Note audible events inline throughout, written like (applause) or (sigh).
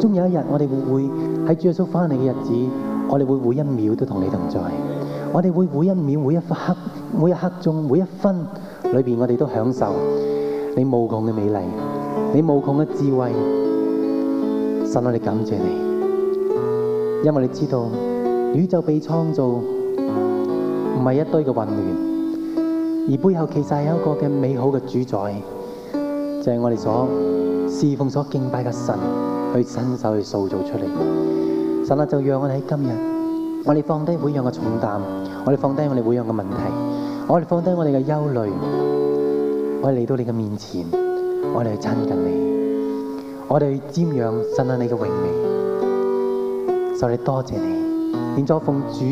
終有一日，我哋會喺主耶穌翻嚟嘅日子，我哋會每一秒都同你同在，我哋會每一秒、每一刻、每一刻鐘、每一分，每一分，每一分裏邊，我哋都享受你無窮嘅美麗，你無窮嘅智慧。神，我哋感謝你，因為你知道宇宙被創造唔係一堆嘅混亂，而背後其實係有一個嘅美好嘅主宰，就係我哋所侍奉、所敬拜嘅神。去伸手去塑造出嚟，神啊，就讓我哋喺今日，我哋放低每樣嘅重擔，我哋放低我哋每樣嘅問題，我哋放低我哋嘅憂慮，我哋嚟到你嘅面前，我哋去親近你，我哋去瞻仰神啊你嘅榮美，神啊，多謝你，現在我奉主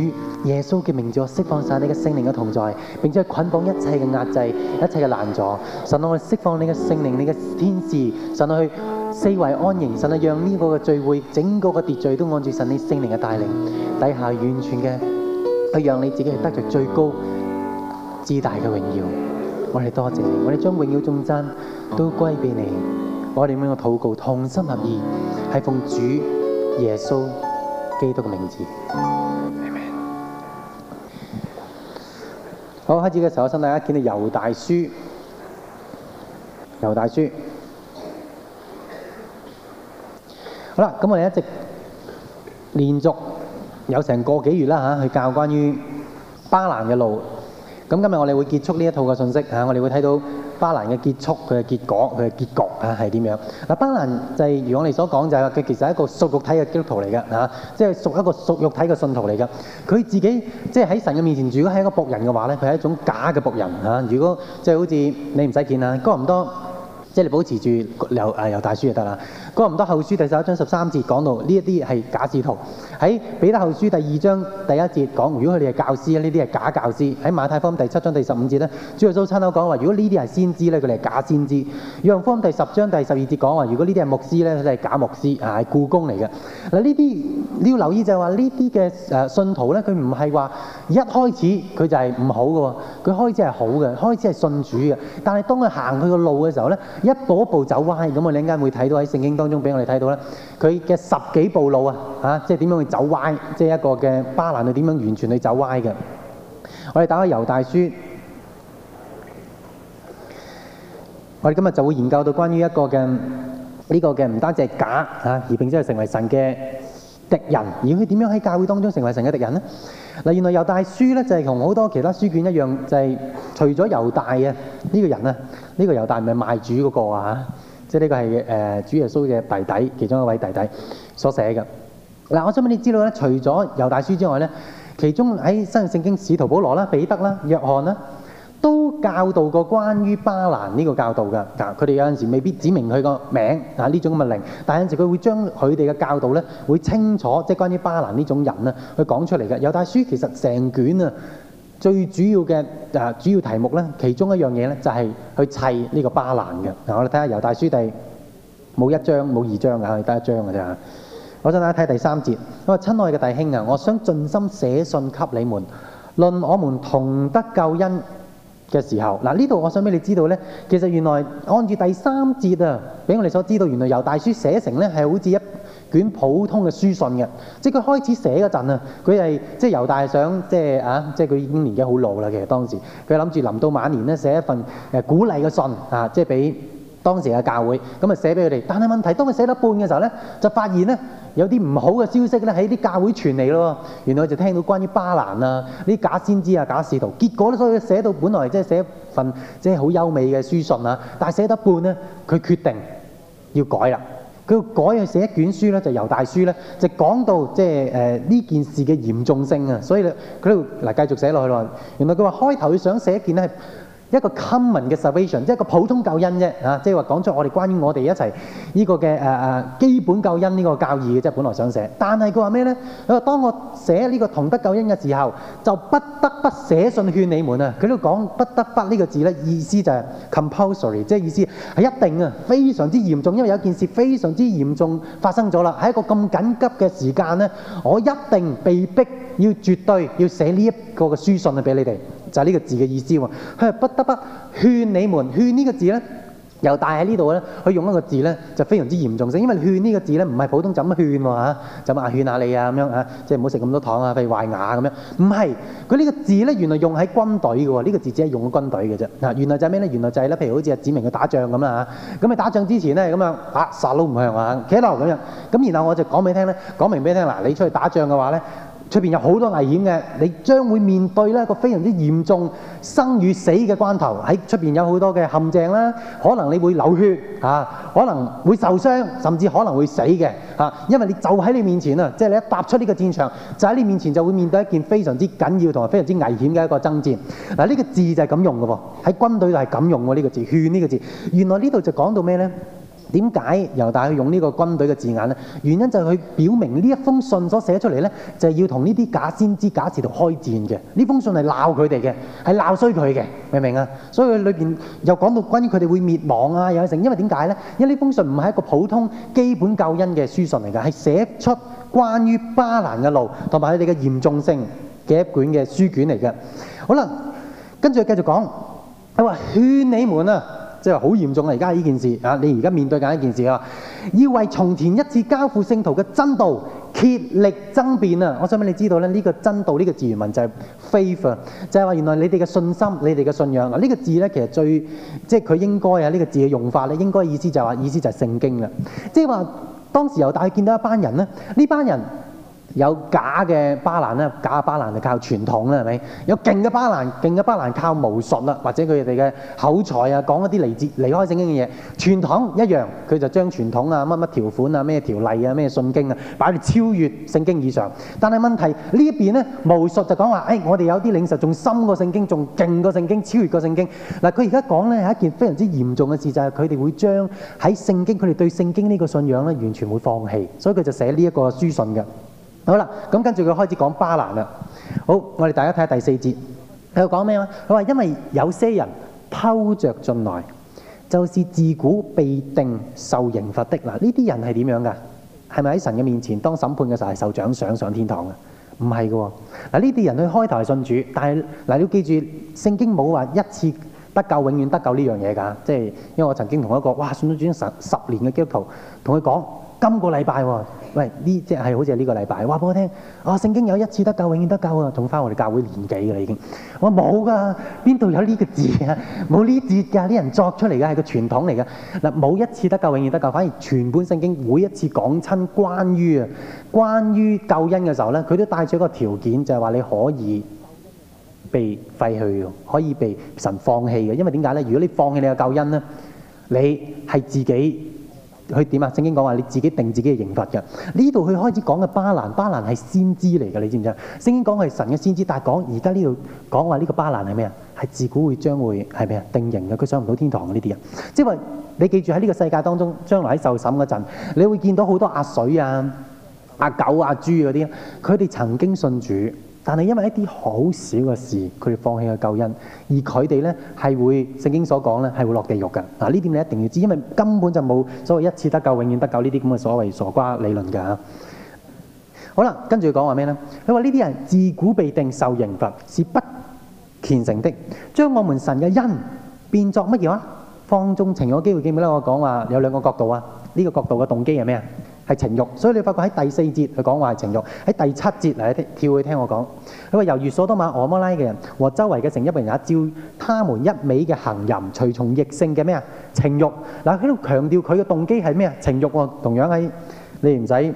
耶穌嘅名字，我釋放晒你嘅聖靈嘅同在，並且捆綁一切嘅壓制、一切嘅攔阻，神啊，我哋釋放你嘅聖靈、你嘅天使，神啊去，四圍安營，神啊，讓呢個嘅聚會，整個嘅秩序都按住神你聖靈嘅帶領底下，完全嘅去讓你自己去得着最高至大嘅榮耀。我哋多謝你，我哋將榮耀頌讚都歸俾你。我哋呢個禱告同心合意，係奉主耶穌基督嘅名字。Amen. 好，開始嘅時候，我想大家見到猶大書，猶大書。好啦，咁我哋一直連續有成個幾月啦吓，去教關於巴蘭嘅路。咁今日我哋會結束呢一套嘅信息吓，我哋會睇到巴蘭嘅結束，佢嘅結果，佢嘅結局嚇係點樣？嗱，巴蘭就係、是、如果我哋所講就係、是、佢其實係一個屬肉體嘅基督徒嚟嘅嚇，即係屬一個屬肉體嘅信徒嚟嘅。佢自己即係喺神嘅面前，如果係一個僕人嘅話咧，佢係一種假嘅僕人嚇、啊。如果即係、就是、好似你唔使見啊，講唔多，即係你保持住遊誒遊大書就得啦。哥林多後書第十一章十三節講到呢啲係假使徒。喺彼得後書第二章第一節講，如果佢哋係教師咧，呢啲係假教師。喺馬太福音第七章第十五節呢，主耶穌親口講話，如果呢啲係先知咧，佢哋係假先知。約翰福音第十章第十二節講話，如果呢啲係牧師呢，佢哋係假牧師，係僱工嚟嘅。嗱，呢啲你要留意就係話呢啲嘅信徒呢，佢唔係話一開始佢就係唔好嘅，佢開始係好嘅，開始係信主嘅。但係當佢行佢個路嘅時候呢，一步一步走歪，你我哋一陣間會睇到喺聖經中當中俾我哋睇到咧，佢嘅十幾步路啊，嚇、啊，即係點樣去走歪，即係一個嘅巴蘭去點樣完全去走歪嘅。我哋打開《猶大書》，我哋今日就會研究到關於一個嘅呢、這個嘅唔單止係假嚇、啊，而並且係成為神嘅敵人，而佢點樣喺教會當中成為神嘅敵人呢？嗱、啊，原來《猶大書》呢咧就係同好多其他書卷一樣，就係、是、除咗猶大啊呢、這個人啊，呢、這個猶大唔係賣主嗰個啊。即呢個係誒，主耶穌嘅弟弟，其中一位弟弟所寫嘅。嗱。我想畀你知道咧，除咗《猶大書》之外咧，其中喺新聖經使徒保羅啦、彼得啦、約翰啦，都教導過關於巴蘭呢個教導嘅嗱。佢哋有陣時未必指明佢個名，嗱呢種咁嘅令，但係有陣時佢會將佢哋嘅教導咧會清楚，即係關於巴蘭呢種人咧去講出嚟嘅，《猶大書》其實成卷啊。最主要嘅啊，主要題目咧，其中一樣嘢咧，就係、是、去砌呢個巴蘭嘅。嗱，我哋睇下猶大書第冇一章冇二章嘅，得一章嘅啫。我想大家睇第三節。因話親愛嘅弟兄啊，我想盡心寫信給你們，論我們同得救恩嘅時候。嗱，呢度我想俾你知道咧，其實原來按住第三節啊，俾我哋所知道，原來猶大書寫成咧係好似一短普通嘅書信嘅，即係佢開始寫嗰陣啊，佢係、就是、即係猶大想即係啊，即係佢已經年紀好老啦。其實當時佢諗住臨到晚年咧寫一份誒鼓勵嘅信啊，即係俾當時嘅教會咁啊寫俾佢哋。但係問題當佢寫到半嘅時候咧，就發現咧有啲唔好嘅消息咧喺啲教會傳嚟咯。原來就聽到關於巴蘭啊呢啲假先知啊假使徒，結果咧所以寫到本來即係寫一份即係好優美嘅書信啊，但係寫到半咧佢決定要改啦。佢要改去寫一卷書咧，就猶大書咧，就講到即係誒呢件事嘅嚴重性啊！所以咧，佢咧嗱，繼續寫落去咯。原來佢話開頭佢想寫一件咧。一個 common 嘅 salvation，即係一個普通救恩啫嚇、啊，即係話講出我哋關於我哋一齊呢個嘅、啊、基本救恩呢個教義嘅，即係本來想寫，但係佢話咩呢？佢話當我寫呢個同得救恩嘅時候，就不得不寫信勸你們啊！佢都講不得不呢個字呢，意思就係 compulsory，即係意思係一定啊，非常之嚴重，因為有件事非常之嚴重發生咗啦，喺一個咁緊急嘅時間呢，我一定被逼要絕對要寫呢一個嘅書信畀你哋。就係呢個字嘅意思喎，佢係不得不勸你們勸呢個字呢，又帶喺呢度咧，佢用呢個字呢，就非常之嚴重性，因為勸呢個字呢，唔係普通就咁樣勸喎嚇，就咁啊勸下你啊咁樣嚇，即係唔好食咁多糖啊，譬壞牙咁樣。唔係，佢、這、呢個字呢，原來用喺軍隊嘅喎，呢、這個字只係用喺軍隊嘅啫。原來就係咩呢？原來就係、是、咧，譬如好似指明佢打仗咁啦嚇，咁打仗之前呢，咁樣嚇、啊，殺佬唔向啊，企喺度咁樣。咁然後我就講俾你聽咧，講明俾你聽嗱，你出去打仗嘅話呢。出邊有好多危險嘅，你將會面對呢一個非常之嚴重生與死嘅關頭。喺出邊有好多嘅陷阱啦，可能你會流血啊，可能會受傷，甚至可能會死嘅嚇。因為你就喺你面前啊，即係你一踏出呢個戰場，就喺你面前就會面對一件非常之緊要同埋非常之危險嘅一個爭戰。嗱，呢個字就係咁用嘅喎，喺軍隊度係咁用喎呢個字，勸呢個字。原來呢度就講到咩呢？點解猶大佢用呢個軍隊嘅字眼呢？原因就係佢表明呢一封信所寫出嚟呢，就係、是、要同呢啲假先知、假使徒開戰嘅。呢封信係鬧佢哋嘅，係鬧衰佢嘅，明唔明啊？所以佢裏邊又講到關於佢哋會滅亡啊，有成。因為點解呢？因為呢封信唔係一個普通基本救恩嘅書信嚟㗎，係寫出關於巴蘭嘅路同埋佢哋嘅嚴重性嘅一卷嘅書卷嚟嘅。好啦，跟住繼續講，佢話勸你們啊！即係好嚴重啊！而家呢件事啊，你而家面對緊一件事啊，要為從前一次交付聖徒嘅真道竭力爭辯啊！我想畀你知道咧，呢、這個真道呢、這個字原文就係 faith，就係話原來你哋嘅信心、你哋嘅信仰啊，呢、這個字咧其實最即係佢應該啊，呢、這個字嘅用法咧應該意思就係、是、話意思就係聖經啦。即係話當時猶大見到一班人咧，呢班人。這有假嘅巴蘭，假嘅巴蘭就靠傳統啦，係咪？有勁嘅巴蘭，勁嘅巴蘭靠巫術啦，或者佢哋嘅口才啊，講一啲離節、離開聖經嘅嘢。傳統一樣，佢就將傳統啊、乜乜條款啊、咩條例啊、咩信經啊，擺住超越聖經以上。但係問題這呢一邊咧，巫術就講話：哎，我哋有啲領袖仲深過聖經，仲勁過聖經，超越過聖經。嗱、啊，佢而家講咧係一件非常之嚴重嘅事，就係佢哋會將喺聖經，佢哋對聖經呢個信仰呢，完全會放棄，所以佢就寫呢一個書信嘅。好啦，咁跟住佢開始講巴蘭啦。好，我哋大家睇下第四節，佢講咩咧？佢話因為有些人偷着進來，就是自古被定受刑罰的。嗱，呢啲人係點樣噶？係咪喺神嘅面前當審判嘅時候係受獎賞上，上天堂嘅？唔係嘅喎。嗱，呢啲人去開頭係信主，但係嗱，你要記住，聖經冇話一次得救永遠得救呢樣嘢㗎。即係因為我曾經同一個哇信咗主神十,十年嘅基督徒同佢講。跟他說今個禮拜喎，喂，呢即係好似係呢個禮拜，話俾我聽，我、哦、聖經有一次得救，永遠得救啊，仲翻我哋教會年紀噶啦已經。我冇噶、啊，邊度有呢個字啊？冇呢字噶、啊，啲人作出嚟嘅係個傳統嚟嘅。嗱，冇一次得救，永遠得救，反而全本聖經每一次講親關於啊，關於救恩嘅時候咧，佢都帶咗一個條件，就係、是、話你可以被廢去，可以被神放棄嘅。因為點解咧？如果你放棄你嘅救恩咧，你係自己。佢點啊？聖經講話你自己定自己嘅刑罰嘅。呢度佢開始講嘅巴蘭，巴蘭係先知嚟嘅，你知唔知啊？聖經講係神嘅先知，但係講而家呢度講話呢個巴蘭係咩啊？係自古會將會係咩啊？定刑嘅，佢上唔到天堂嘅呢啲人。即係話你記住喺呢個世界當中，將來喺受審嗰陣，你會見到好多阿水啊、阿狗、阿豬嗰啲，佢哋曾經信主。但係因為一啲好小嘅事，佢哋放棄去救恩，而佢哋呢係會聖經所講呢係會落地獄㗎。嗱，呢點你一定要知，因為根本就冇所謂一次得救、永遠得救呢啲咁嘅所謂傻瓜理論㗎。好啦，跟住講話咩呢？佢話呢啲人自古被定受刑罰，是不虔誠的，將我們神嘅恩變作乜嘢啊？放縱情慾機會，記唔記得我講話有兩個角度啊？呢個角度嘅動機係咩啊？係情慾，所以你發覺喺第四節他講話係情慾，喺第七節嚟聽，跳去聽我講，佢話猶如所多瑪俄摩拉嘅人和周圍嘅城邑人也照，他們一味嘅行淫隨從逆性嘅咩情慾，嗱喺度強調佢嘅動機係咩情慾喎，同樣係你唔使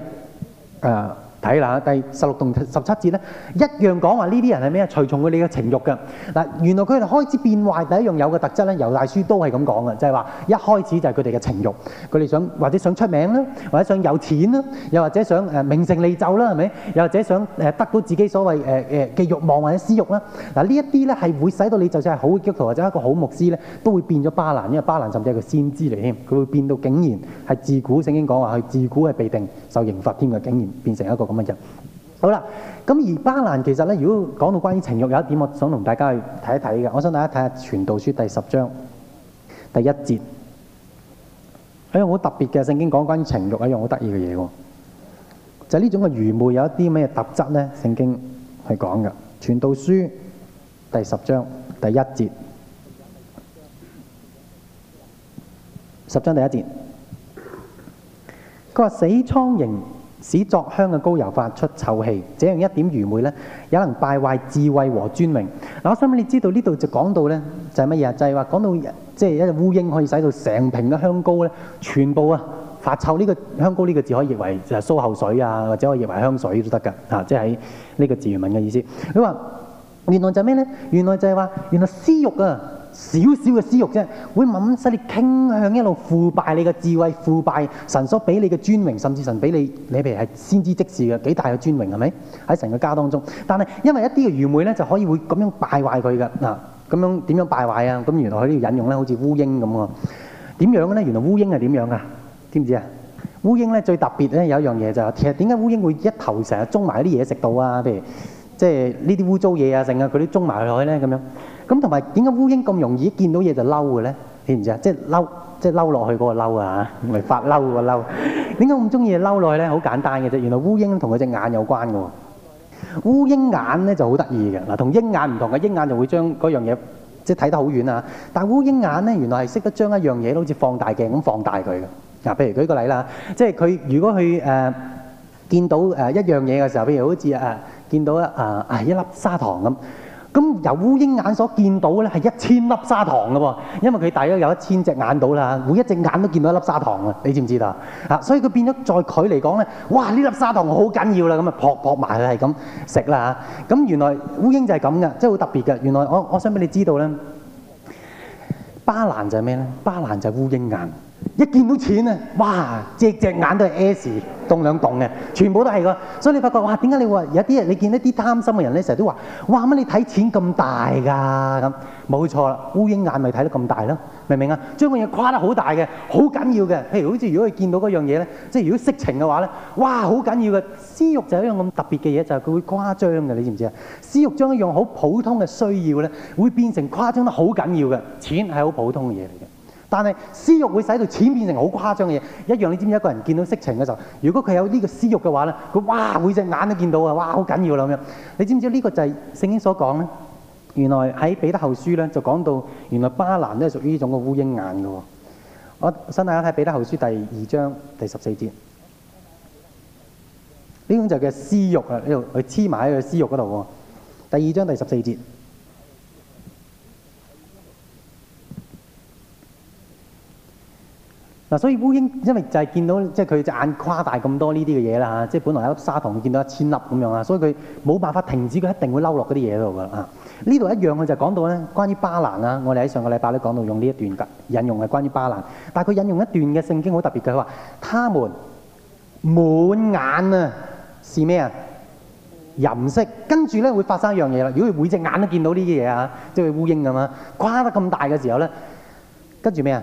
睇嗱，第十六同十七節一樣講話呢啲人係咩啊？隨從佢哋嘅情慾嘅原來佢哋開始變壞第一樣有嘅特質咧，猶大書都係咁講嘅，就係、是、話一開始就係佢哋嘅情慾，佢哋想或者想出名或者想有錢又或者想名成利就，係咪？又或者想得到自己所謂的誒嘅慾望或者私欲這些呢一啲係會使到你就算係好基督徒或者一個好牧師都會變咗巴蘭，因為巴蘭甚至係個先知嚟添，佢會變到竟然係自古聖經講話佢自古係被定受刑罰添嘅，竟然變成一個。咁 (music) 好啦，咁而巴蘭其實咧，如果講到關於情欲有一點，我想同大家去睇一睇嘅。我想大家睇下《傳道書》第十章第一節，有一樣好特別嘅聖經講關於情欲，有一樣好得意嘅嘢喎。就係呢種嘅愚昧有一啲咩特質咧？聖經係講嘅《傳道書》第十章第一節，十章第一節，佢話死蒼蠅。使作香嘅高油發出臭氣，這樣一點愚昧咧，也能敗壞智慧和尊榮。嗱、啊，我想問你知道這裡呢度就講到咧，就係乜嘢啊？就係話講到即係、就是、一隻烏蠅可以使到成瓶嘅香膏咧，全部啊發臭，這個。呢個香膏呢個字可以譯為就係蘇厚水啊，或者可以譯為香水都得㗎。啊，即係呢個字原文嘅意思。你話原來就係咩咧？原來就係話原來私欲啊！少少嘅私欲啫，會慢慢使你傾向一路腐敗你嘅智慧，腐敗神所俾你嘅尊榮，甚至神俾你，你譬如係先知職事嘅幾大嘅尊榮，係咪？喺神嘅家當中，但係因為一啲嘅愚昧咧，就可以會咁樣敗壞佢嘅嗱，咁、啊、樣點樣敗壞啊？咁原來佢都要引用啦，好似烏蠅咁喎。點樣嘅咧？原來烏蠅係點樣啊？知唔知啊？烏蠅咧最特別咧有一樣嘢就係其實點解烏蠅會一頭成日築埋啲嘢食到啊？譬如即係呢啲污糟嘢啊，成日佢都築埋落去咧咁樣。咁同埋，點解烏蠅咁容易見到嘢就嬲嘅咧？你唔知啊？即係嬲，即係嬲落去嗰個嬲啊！嚇，唔係發嬲嗰個嬲。點解咁中意嬲落去咧？好簡單嘅啫。原來烏蠅同佢隻眼有關嘅喎。烏蠅眼咧就好得意嘅嗱，同鷹眼唔同嘅。鷹眼就會將嗰樣嘢即係睇得好遠啊。但烏蠅眼咧，原來係識得將一樣嘢好似放大鏡咁放大佢嘅。嗱，譬如舉個例啦，即係佢如果佢誒見到誒一樣嘢嘅時候，譬如好似誒見到啊啊一粒砂糖咁。咁由烏蠅眼所見到咧係一千粒砂糖噶喎，因為佢大約有一千隻眼到啦，每一隻眼都見到一粒砂糖，你知唔知道？所以佢變咗在佢嚟講咧，哇！呢粒砂糖好緊要啦，咁撲撲埋係咁食啦。咁原來烏蠅就係咁噶，真係好特別噶。原來我想俾你知道呢，巴蘭就係咩呢？巴蘭就係烏蠅眼。一見到錢啊，哇！隻隻眼都係 S 動兩動嘅，全部都係㗎。所以你發覺哇，點解你會有啲人你見一啲貪心嘅人咧，成日都話哇乜？你睇錢咁大㗎咁，冇錯啦。烏蠅眼咪睇得咁大咯，明唔明啊？將個嘢誇得好大嘅，好緊要嘅。譬如好似如果你見到嗰樣嘢咧，即係如果色情嘅話咧，哇！好緊要嘅私慾就係一樣咁特別嘅嘢，就係、是、佢會誇張嘅，你知唔知啊？私慾將一樣好普通嘅需要咧，會變成誇張得好緊要嘅。錢係好普通嘅嘢嚟嘅。但係私欲會使到錢變成好誇張嘅嘢一樣，你知唔知，一個人見到色情嘅時候，如果佢有呢個私欲嘅話咧，佢哇每隻眼都見到啊！哇，好緊要啦咁樣。你知唔知呢個就係聖經所講咧？原來喺彼得後書咧就講到，原來巴蘭都係屬於呢種嘅烏蠅眼嘅喎。我想大家睇彼得後書第二章第十四節，呢 (music) 種就叫私欲啦，呢度佢黐埋喺個私欲嗰度喎。第二章第十四節。所以烏蠅因為就係見到，即係佢隻眼誇大咁多呢啲嘅嘢啦，即係本來一粒沙糖見到一千粒咁樣啊，所以佢冇辦法停止，佢一定會撈落嗰啲嘢度㗎啦。呢、啊、度一樣，佢就講到關關於巴蘭啦。我哋喺上個禮拜都講到用呢一段引用嘅關於巴蘭，但係佢引用一段嘅聖經好特別嘅佢話：他，他們滿眼是咩呀？淫色。跟住會會發生一樣嘢啦。如果每隻眼都見到呢啲嘢啊即係、啊就是、烏蠅咁啊，誇得咁大嘅時候呢，跟住咩啊？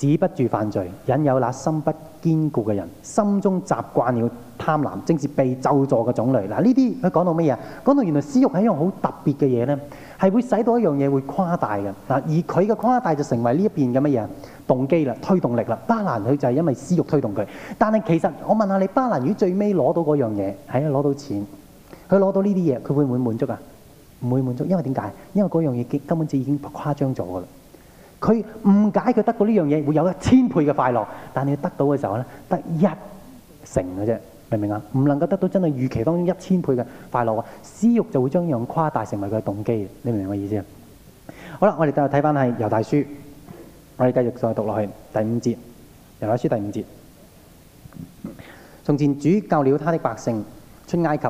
止不住犯罪，引誘那心不堅固嘅人，心中習慣了貪婪，正是被咒詛嘅種類。嗱，呢啲佢講到乜嘢？講到原來私欲係一樣好特別嘅嘢咧，係會使到一樣嘢會誇大嘅嗱，而佢嘅誇大就成為呢一邊嘅乜嘢動機啦、推動力啦。巴蘭佢就係因為私欲推動佢，但係其實，我問下你，巴蘭最尾攞到嗰樣嘢係啊攞到錢，佢攞到呢啲嘢，佢會唔會滿足啊？唔會滿足，因為點解？因為嗰樣嘢根本就已經誇張咗嘅啦。佢誤解佢得到呢樣嘢會有一千倍嘅快樂，但係你得到嘅時候咧，得一成嘅啫，明唔明啊？唔能夠得到真係預期當中一千倍嘅快樂喎，私欲就會將呢樣誇大成為佢嘅動機，你明唔明我意思啊？好啦，我哋再睇翻係猶大書，我哋繼續再讀落去第五節，猶大書第五節，從前主救了他的百姓出埃及。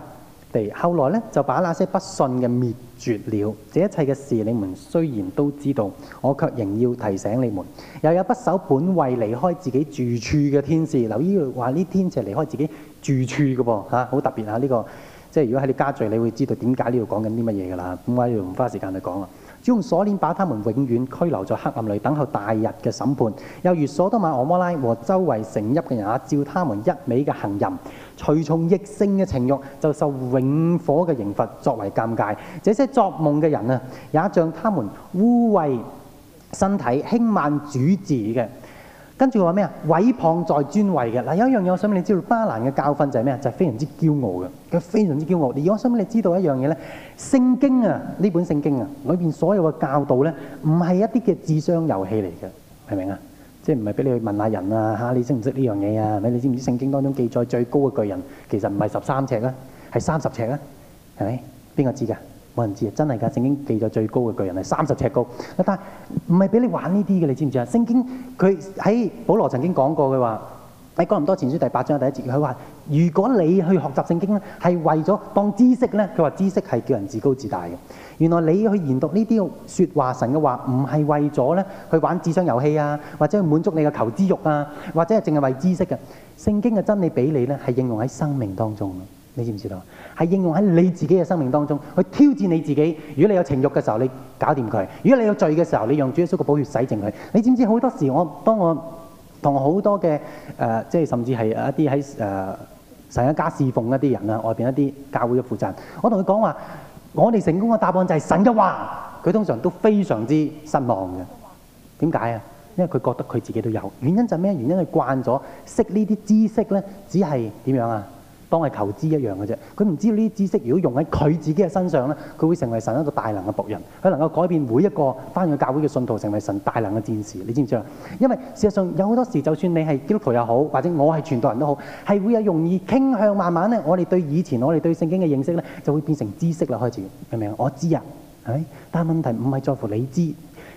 地後來咧，就把那些不信嘅滅絕了。這一切嘅事，你們雖然都知道，我卻仍要提醒你們。又有不守本位離開自己住處嘅天使。留意話呢天使離開自己住處嘅噃，好特別嚇呢個。即係如果喺你家聚，你會知道點解呢度講緊啲乜嘢㗎啦。咁我要唔花時間去講啦。主用鎖鏈把他們永遠拘留在黑暗裏，等候大日嘅審判。又如所多瑪、俄摩拉和周圍城邑嘅人，照他們一味嘅行淫。隨從逆性嘅情欲，就受永火嘅刑罰作為鑑戒，這些作夢嘅人啊，也像他們污穢身體、輕慢主治嘅。跟住佢話咩啊？毀謗在尊位嘅。嗱，有一樣嘢我想俾你知道，巴蘭嘅教訓就係咩啊？就係、是、非常之驕傲嘅，佢非常之驕傲。而我想俾你知道一樣嘢咧，聖經啊，呢本聖經啊裏邊所有嘅教導咧，唔係一啲嘅智商遊戲嚟嘅，係咪啊？即唔係俾你去問下人啊嚇？你識唔識呢樣嘢啊？你知唔知聖經當中記載最高嘅巨人其實唔係十三尺啊，係三十尺啊？係咪？邊個知㗎？冇人知啊！真係㗎，聖經記載最高嘅巨人係三十尺高。但係唔係俾你玩呢啲嘅，你知唔知啊？聖經佢喺保羅曾經講過，佢話喺哥林多前書第八章第一節，佢話。如果你去學習聖經咧，係為咗當知識咧，佢話知識係叫人自高自大嘅。原來你去研讀呢啲説話神嘅話，唔係為咗咧去玩智商遊戲啊，或者去滿足你嘅求知欲啊，或者係淨係為知識嘅聖經嘅真理俾你咧，係應用喺生命當中。你知唔知道？係應用喺你自己嘅生命當中去挑戰你自己。如果你有情慾嘅時候，你搞掂佢；如果你有罪嘅時候，你用主耶穌嘅寶血洗淨佢。你知唔知好多時我當我同好多嘅誒、呃，即係甚至係一啲喺誒。呃成一家侍奉一啲人啊，外邊一啲教會嘅負責人。我同佢講話，我哋成功嘅答案就係神嘅話，佢通常都非常之失望嘅。點解啊？因為佢覺得佢自己都有原因，就係咩原因是他慣了？佢慣咗識呢啲知識咧，只係點樣啊？當係求知一樣嘅啫，佢唔知道呢啲知識，如果用喺佢自己嘅身上咧，佢會成為神一個大能嘅僕人，佢能夠改變每一個翻去教會嘅信徒，成為神大能嘅戰士。你知唔知啊？因為事實上有好多時，就算你係基督徒又好，或者我係傳道人都好，係會有容易傾向慢慢咧，我哋對以前我哋對聖經嘅認識咧，就會變成知識啦開始，你明唔明？我知啊，係、哎，但係問題唔係在乎你知，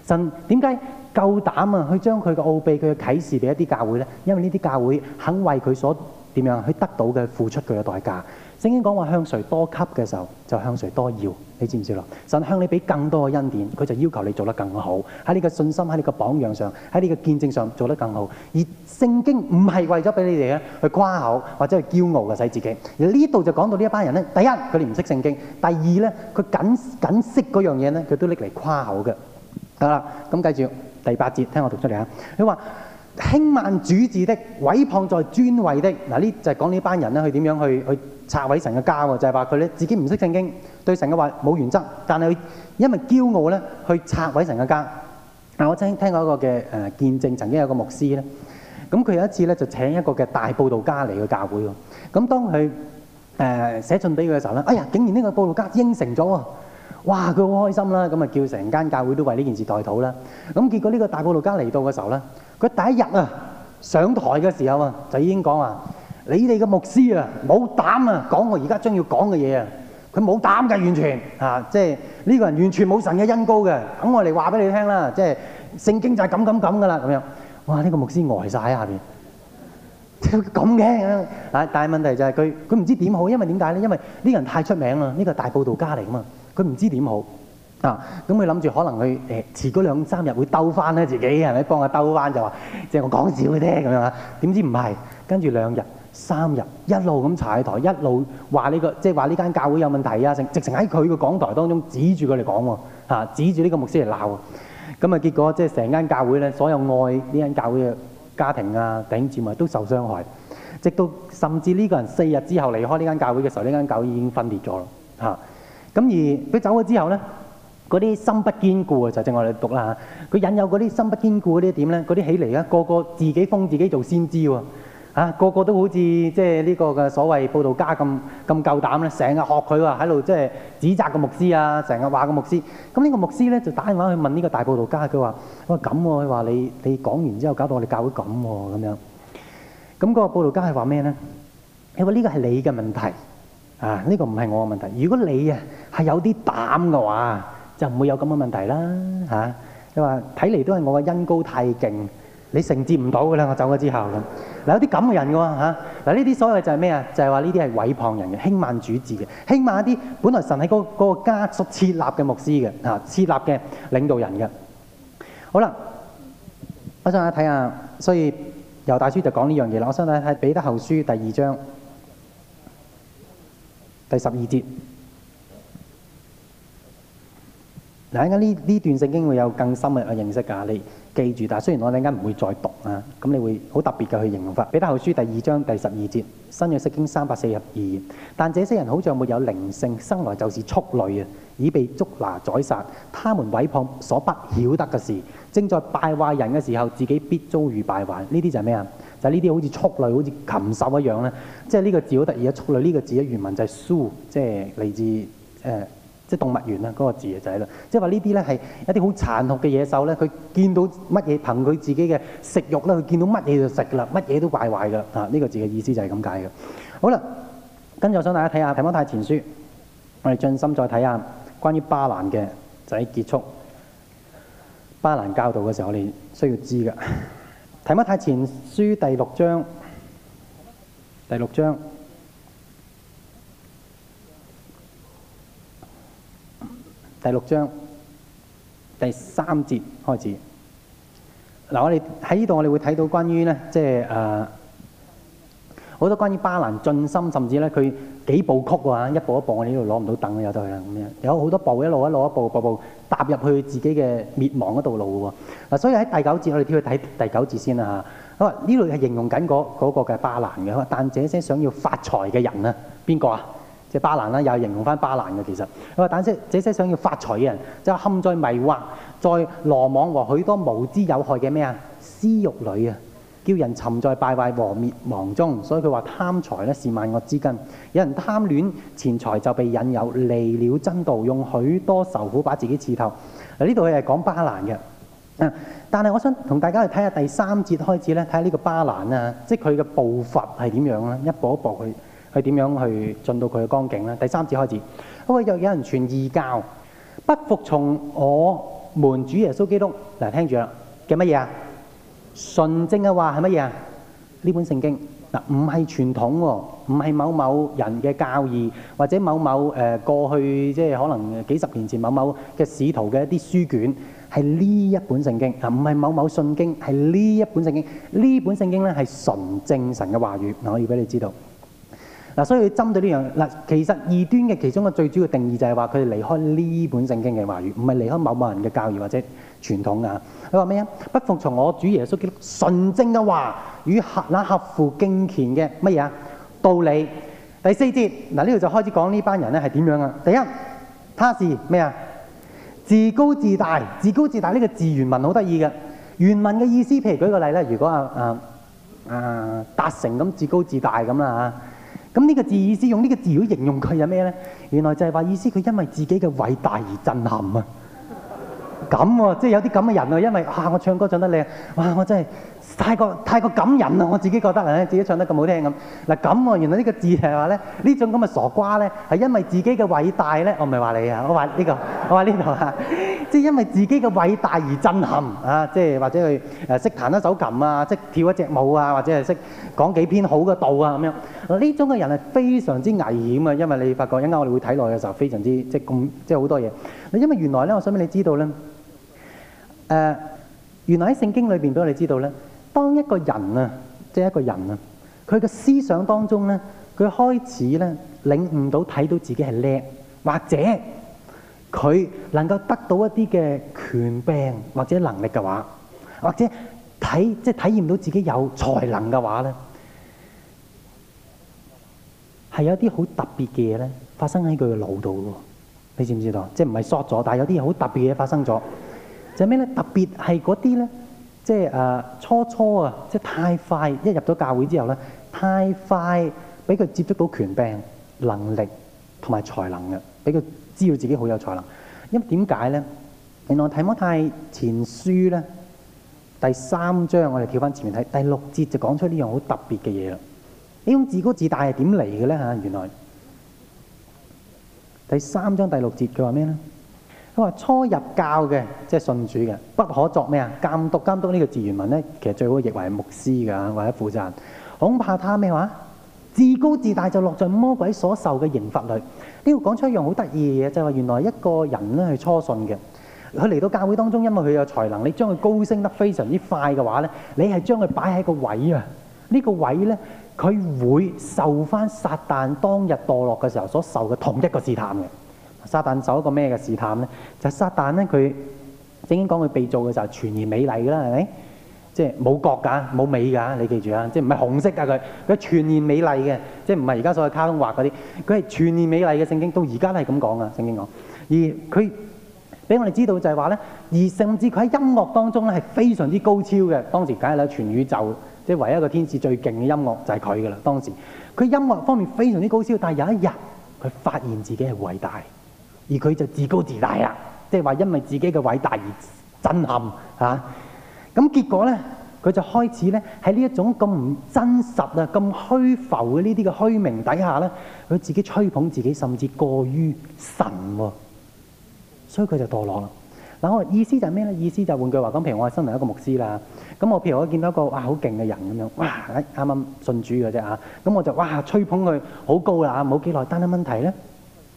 神點解夠膽啊去將佢嘅奧秘、佢嘅啟示俾一啲教會咧？因為呢啲教會肯為佢所。點樣？去得到嘅付出佢嘅代價。聖經講話向誰多給嘅時候，就向誰多要。你知唔知咯？神向你俾更多嘅恩典，佢就要求你做得更好。喺你嘅信心、喺你嘅榜樣上、喺你嘅見證上做得更好。而聖經唔係為咗俾你哋咧去誇口或者係驕傲嘅使自己。而呢度就講到呢一班人咧，第一佢哋唔識聖經，第二咧佢僅僅識嗰樣嘢咧，佢都拎嚟誇口嘅。得啦，咁繼續第八節，聽我讀出嚟啊。佢話。輕慢主治的，毀謗在尊位的，嗱呢就係講呢班人咧，佢點樣去去拆毀神嘅家喎？就係話佢咧自己唔識聖經，對神嘅話冇原則，但係因為驕傲咧，去拆毀神嘅家。嗱，我曾經聽過一個嘅誒、呃、見證，曾經有一個牧師咧，咁佢有一次咧就請一個嘅大布道家嚟去教會喎。咁當佢誒寫信俾佢嘅時候咧，哎呀，竟然呢個布道家應承咗喎，哇，佢好開心啦，咁啊叫成間教會都為呢件事代禱啦。咁結果呢個大布道家嚟到嘅時候咧。佢第一日啊上台嘅時候啊，就已經講話：你哋嘅牧師啊，冇膽啊，講我而家將要講嘅嘢啊！佢冇膽嘅，完全啊，即係呢個人完全冇神嘅恩膏嘅，等我嚟話俾你聽啦！即係聖經就係咁咁咁噶啦，咁樣哇！呢個牧師呆曬喺下邊，咁嘅啊！但係問題就係佢，佢唔知點好，因為點解咧？因為呢個人太出名啦，呢個大佈道家嚟啊嘛，佢唔知點好。啊！咁佢諗住可能佢誒、欸、遲嗰兩三日會兜翻咧，自己係咪幫下兜翻就話？即係我講笑嘅啫咁樣啊！點知唔係？跟住兩日、三日一路咁踩台，一路話呢個即係話呢間教會有問題啊！直情喺佢個講台當中指住佢嚟講喎，指住呢個牧師嚟鬧。咁啊，啊，結果即係成間教會咧，所有愛呢間教會嘅家庭啊、頂住咪都受傷害。直到甚至呢個人四日之後離開呢間教會嘅時候，呢間教會已經分裂咗啦。咁而佢走咗之後咧。嗰啲心不堅固啊，就正我哋讀啦嚇。佢引誘嗰啲心不堅固嗰啲點咧？嗰啲起嚟咧，個個自己封自己做先知喎，啊，個個都好似即係呢個嘅所謂報道家咁，咁夠膽咧，成日學佢話喺度即係指責個牧師啊，成日話個牧師咁。呢個牧師咧，就打電話去問呢個大報道家，佢話喂，咁喎，佢話你，你講完之後搞到我哋教會咁喎咁樣，咁嗰個報道家係話咩咧？佢話呢個係你嘅問題啊，呢個唔係我嘅問題。如果你啊係有啲膽嘅話，就唔會有咁嘅問題啦嚇！你話睇嚟都係我嘅恩高太勁，你承接唔到噶啦！我走咗之後啦，嗱有啲咁嘅人嘅喎，嗱呢啲所謂就係咩啊？就係話呢啲係毀謗人嘅，輕慢主治嘅，輕慢一啲本來神喺嗰嗰個家屬設立嘅牧師嘅嚇、啊，設立嘅領導人嘅。好啦，我想下睇下。所以猶大書就講呢樣嘢啦。我想睇睇彼得後書第二章第十二節。嗱，陣間呢呢段聖經會有更深嘅認識㗎，你記住。但係雖然我陣間唔會再讀啊，咁你會好特別嘅去形容法。彼得後書第二章第十二節，新約聖經三百四十二頁。但這些人好像沒有靈性，生來就是畜類啊，已被捉拿宰殺。他們毀謗所不曉得嘅事，正在敗壞人嘅時候，自己必遭遇敗壞。呢啲就係咩啊？就係呢啲好似畜類，好似禽獸一樣咧。即係呢個字好得意啊！畜類呢個字嘅原文就係豬，即係嚟自誒。呃啲動物園啦，嗰、那個字嘅仔啦，即係話呢啲咧係一啲好殘酷嘅野獸咧，佢見到乜嘢憑佢自己嘅食欲，啦，佢見到乜嘢就食噶啦，乜嘢都怪怪噶啦，啊、這、呢個字嘅意思就係咁解嘅。好啦，跟住我想大家睇下，提下《提摩太前書》，我哋進心再睇下關於巴蘭嘅仔結束巴蘭教導嘅時候，我哋需要知嘅《提摩太前書》第六章，第六章。第六章第三節開始。嗱，我哋喺呢度，我哋會睇到關於咧，即係誒好多關於巴蘭進心，甚至咧佢幾部曲啊，一步一步，我哋呢度攞唔到凳，有得去啦咁樣。有好多步一路一路，一步，步步踏入去自己嘅滅亡嘅道路喎。嗱，所以喺第九節，我哋先去睇第九節先啦嚇。好啊，呢度係形容緊嗰個嘅巴蘭嘅。好啊，但這些想要發財嘅人誰啊，邊個啊？即係巴蘭啦，又係形容翻巴蘭嘅其實。佢話：但係即這些想要發財嘅人，就陷在迷惑、在羅網和許多無知有害嘅咩啊私欲裏啊，叫人沉在敗壞和滅亡中。所以佢話：貪財咧是萬惡之根。有人貪戀錢財就被引誘離了真道，用許多愁苦把自己刺透。嗱，呢度佢係講巴蘭嘅。但係我想同大家去睇下第三節開始咧，睇下呢個巴蘭啊，即係佢嘅步伐係點樣啦，一步一步去。佢點樣去進到佢嘅光景咧？第三節開始，因為又有人傳異教，不服從我們主耶穌基督。嗱，聽住啦，嘅乜嘢啊？純正嘅話係乜嘢啊？呢本聖經嗱，唔係傳統喎，唔係某某人嘅教義，或者某某誒過去即係可能幾十年前某某嘅使徒嘅一啲書卷，係呢一本聖經啊，唔係某某信經，係呢一本聖經。呢本聖經咧係純正神嘅話語，嗱，我要俾你知道。嗱，所以針對呢樣嗱，其實異端嘅其中嘅最主要嘅定義就係話佢哋離開呢本聖經嘅話語，唔係離開某某人嘅教義或者傳統啊。佢話咩啊？不服從我主耶穌基督純正嘅話與合那合乎敬虔嘅乜嘢啊道理。第四節嗱，呢度就開始講呢班人咧係點樣啊？第一，他是咩啊？自高自大，自高自大呢個字原文好得意嘅，原文嘅意思，譬如舉個例咧，如果啊啊啊達成咁自高自大咁啦嚇。咁呢個字意思用呢個字如果形容佢係咩呢？原來就係話意思佢因為自己嘅偉大而震撼這樣啊！咁喎，即係有啲咁嘅人啊，因為嚇、啊、我唱歌唱得靚，哇、啊！我真係～太過太過感人啦！我自己覺得啊，自己唱得咁好聽咁嗱咁喎。原來呢個字係話咧，呢種咁嘅傻瓜咧，係因為自己嘅偉大咧。我唔係話你啊，我話呢個，我話呢度啊，即 (laughs) 係因為自己嘅偉大而震撼啊！即係或者佢誒識彈一首琴啊，識跳一隻舞啊，或者係識講幾篇好嘅道啊咁樣。呢種嘅人係非常之危險啊，因為你發覺一間我哋會睇落嘅時候，非常之即係咁即係好多嘢。因為原來咧，我想俾你知道咧，誒原來喺聖經裏邊俾我哋知道咧。當一個人啊，即係一個人啊，佢嘅思想當中咧，佢開始咧領悟到睇到自己係叻，或者佢能夠得到一啲嘅權柄或者能力嘅話，或者睇即係體驗到自己有才能嘅話咧，係有啲好特別嘅嘢咧發生喺佢嘅腦度嘅喎。你知唔知道？即係唔係縮咗？但係有啲好特別嘅嘢發生咗。就係咩咧？特別係嗰啲咧。即係誒、啊、初初啊，即係太快一入咗教會之後咧，太快俾佢接觸到權柄、能力同埋才能嘅，俾佢知道自己好有才能。因為點解咧？原來提摩太前書咧第三章我哋跳翻前面睇第六節就講出呢樣好特別嘅嘢啦。呢種自高自大係點嚟嘅咧嚇？原來第三章第六節佢話咩咧？佢話初入教嘅，即係信主嘅，不可作咩啊？監督監督呢個字原文咧，其實最好譯為牧師嘅，或者負責人，恐怕他咩話？自高自大就落在魔鬼所受嘅刑罰裡。呢個講出一樣好得意嘅嘢，就係話原來一個人咧係初信嘅，佢嚟到教會當中，因為佢有才能，你將佢高升得非常之快嘅話咧，你係將佢擺喺個位啊？呢個位咧，佢會受翻撒旦當日墮落嘅時候所受嘅同一個試探嘅。撒旦做一個咩嘅試探咧？就是、撒旦咧，佢聖經講佢被造嘅時候全然美麗噶啦，係咪？即係冇角㗎，冇尾㗎，你記住啊！即係唔係紅色㗎佢，佢全然美麗嘅，即係唔係而家所謂卡通畫嗰啲，佢係全然美麗嘅。聖經到而家都係咁講噶。聖經講而佢俾我哋知道就係話咧，而甚至佢喺音樂當中咧係非常之高超嘅。當時梗係啦，全宇宙即係、就是、唯一一個天使最勁嘅音樂就係佢㗎啦。當時佢音樂方面非常之高超，但係有一日佢發現自己係偉大。而佢就自高自大啦，即係話因為自己嘅偉大而震撼啊！咁結果咧，佢就開始咧喺呢一種咁唔真實啊、咁虛浮嘅呢啲嘅虛名底下咧，佢自己吹捧自己，甚至過於神、啊，所以佢就墮落啦。嗱、啊，我意思就係咩咧？意思就換句話講，譬如我係身為一個牧師啦，咁我譬如我見到一個哇好勁嘅人咁樣，哇啱啱信主嘅啫啊，咁我就哇吹捧佢好高啦啊！冇幾耐，但係問題咧？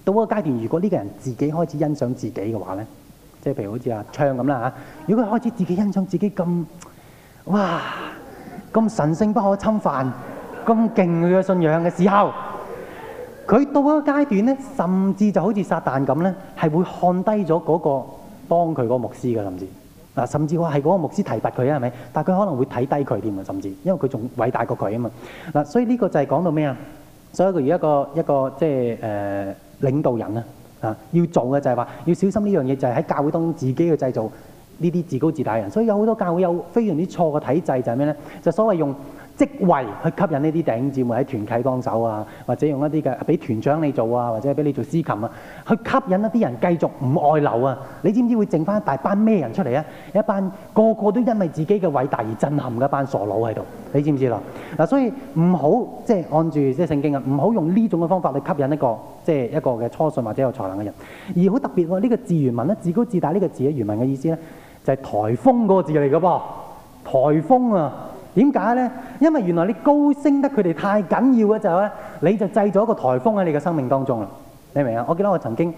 到嗰個階段，如果呢個人自己開始欣賞自己嘅話咧，即係譬如好似阿昌咁啦嚇，如果佢開始自己欣賞自己咁，哇，咁神聖不可侵犯，咁勁佢嘅信仰嘅時候，佢到一個階段咧，甚至就好似撒旦咁咧，係會看低咗嗰個幫佢嗰個牧師嘅，甚至嗱，甚至話係嗰個牧師提拔佢啊，係咪？但係佢可能會睇低佢啲啊，甚至因為佢仲偉大過佢啊嘛嗱，所以呢個就係講到咩啊？所以佢而家個一個，一個，一個即係誒。呃領導人啊，啊要做嘅就係話要小心呢樣嘢，就係、是、喺教會當中自己去製造呢啲自高自大嘅人，所以有好多教會，有非常之錯嘅體制，就係咩咧？就所謂用職位去吸引呢啲頂尖志務喺團契幫手啊，或者用一啲嘅俾團長你做啊，或者俾你做司琴啊，去吸引一啲人繼續唔外流啊。你知唔知會剩翻一大班咩人出嚟啊？一班個個都因為自己嘅偉大而震撼嘅一班傻佬喺度。你知唔知啦？嗱，所以唔好即係按住即係聖經啊，唔好用呢種嘅方法去吸引一個即係、就是、一個嘅初信或者有才能嘅人。而好特別喎，呢、呢個字原文咧，自高自大呢個字嘅原文嘅意思咧，就係颱風嗰個字嚟嘅噃，颱風啊！點解呢？因為原來你高升得佢哋太緊要嘅時候呢，你就製咗一個颱風喺你嘅生命當中啦。你明唔明啊？我記得我曾經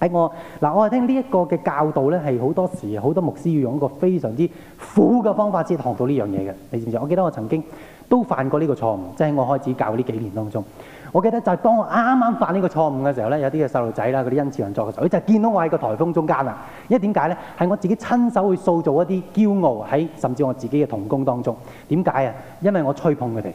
喺我嗱，我係聽呢一個嘅教導呢，係好多時好多牧師要用一個非常之苦嘅方法先學到呢樣嘢嘅。你知唔知？我記得我曾經都犯過呢個錯誤，即係我開始教呢幾年當中。我記得就係當我啱啱犯呢個錯誤嘅時候咧，有啲嘅細路仔啦，嗰啲恩賜人作嘅時候，佢就見到我喺個颱風中間啦。因為點解咧？係我自己親手去塑造一啲驕傲喺甚至我自己嘅同工當中。點解啊？因為我吹捧佢哋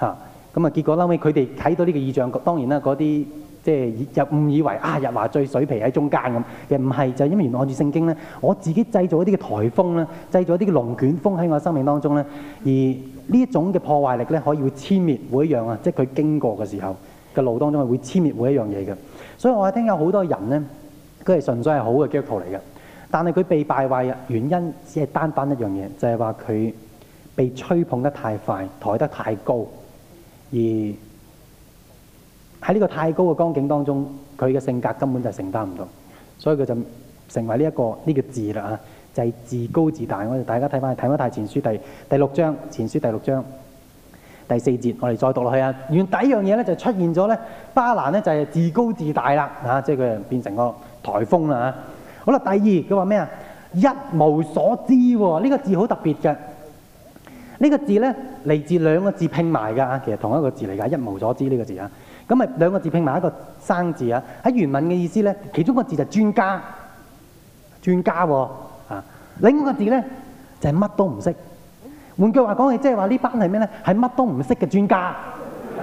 嚇，咁啊結果後尾佢哋睇到呢個意象，當然啦嗰啲即係又誤以為啊日華最水皮喺中間咁，其實唔係，就係、是、因為原來我按住聖經咧，我自己製造一啲嘅颱風咧，製造一啲嘅龍捲風喺我生命當中咧而。呢一種嘅破壞力咧，可以會殲滅每一樣啊！即係佢經過嘅時候嘅路當中係會殲滅每一樣嘢嘅。所以我聽有好多人咧，佢係純粹係好嘅基督徒嚟嘅，但係佢被敗壞嘅原因只係單單一樣嘢，就係話佢被吹捧得太快，抬得太高，而喺呢個太高嘅光景當中，佢嘅性格根本就承擔唔到，所以佢就成為呢、這、一個呢、這個字啦啊！就係自高自大，我哋大家睇翻睇《提摩太前書》第第六章，前書第六章第四節，我哋再讀落去啊。原來第一樣嘢咧就出現咗咧，巴蘭咧就係自高自大啦，啊，即係佢變成個颱風啦嚇、啊。好啦，第二佢話咩啊？一無所知喎，呢、這個字好特別嘅。呢、這個字咧嚟自兩個字拼埋㗎，其實同一個字嚟㗎，一無所知呢個字啊。咁咪兩個字拼埋一個生字啊。喺原文嘅意思咧，其中個字就係專家，專家喎。另一個字咧就係乜都唔識。換句話講，係即係話呢班係咩咧？係乜都唔識嘅專家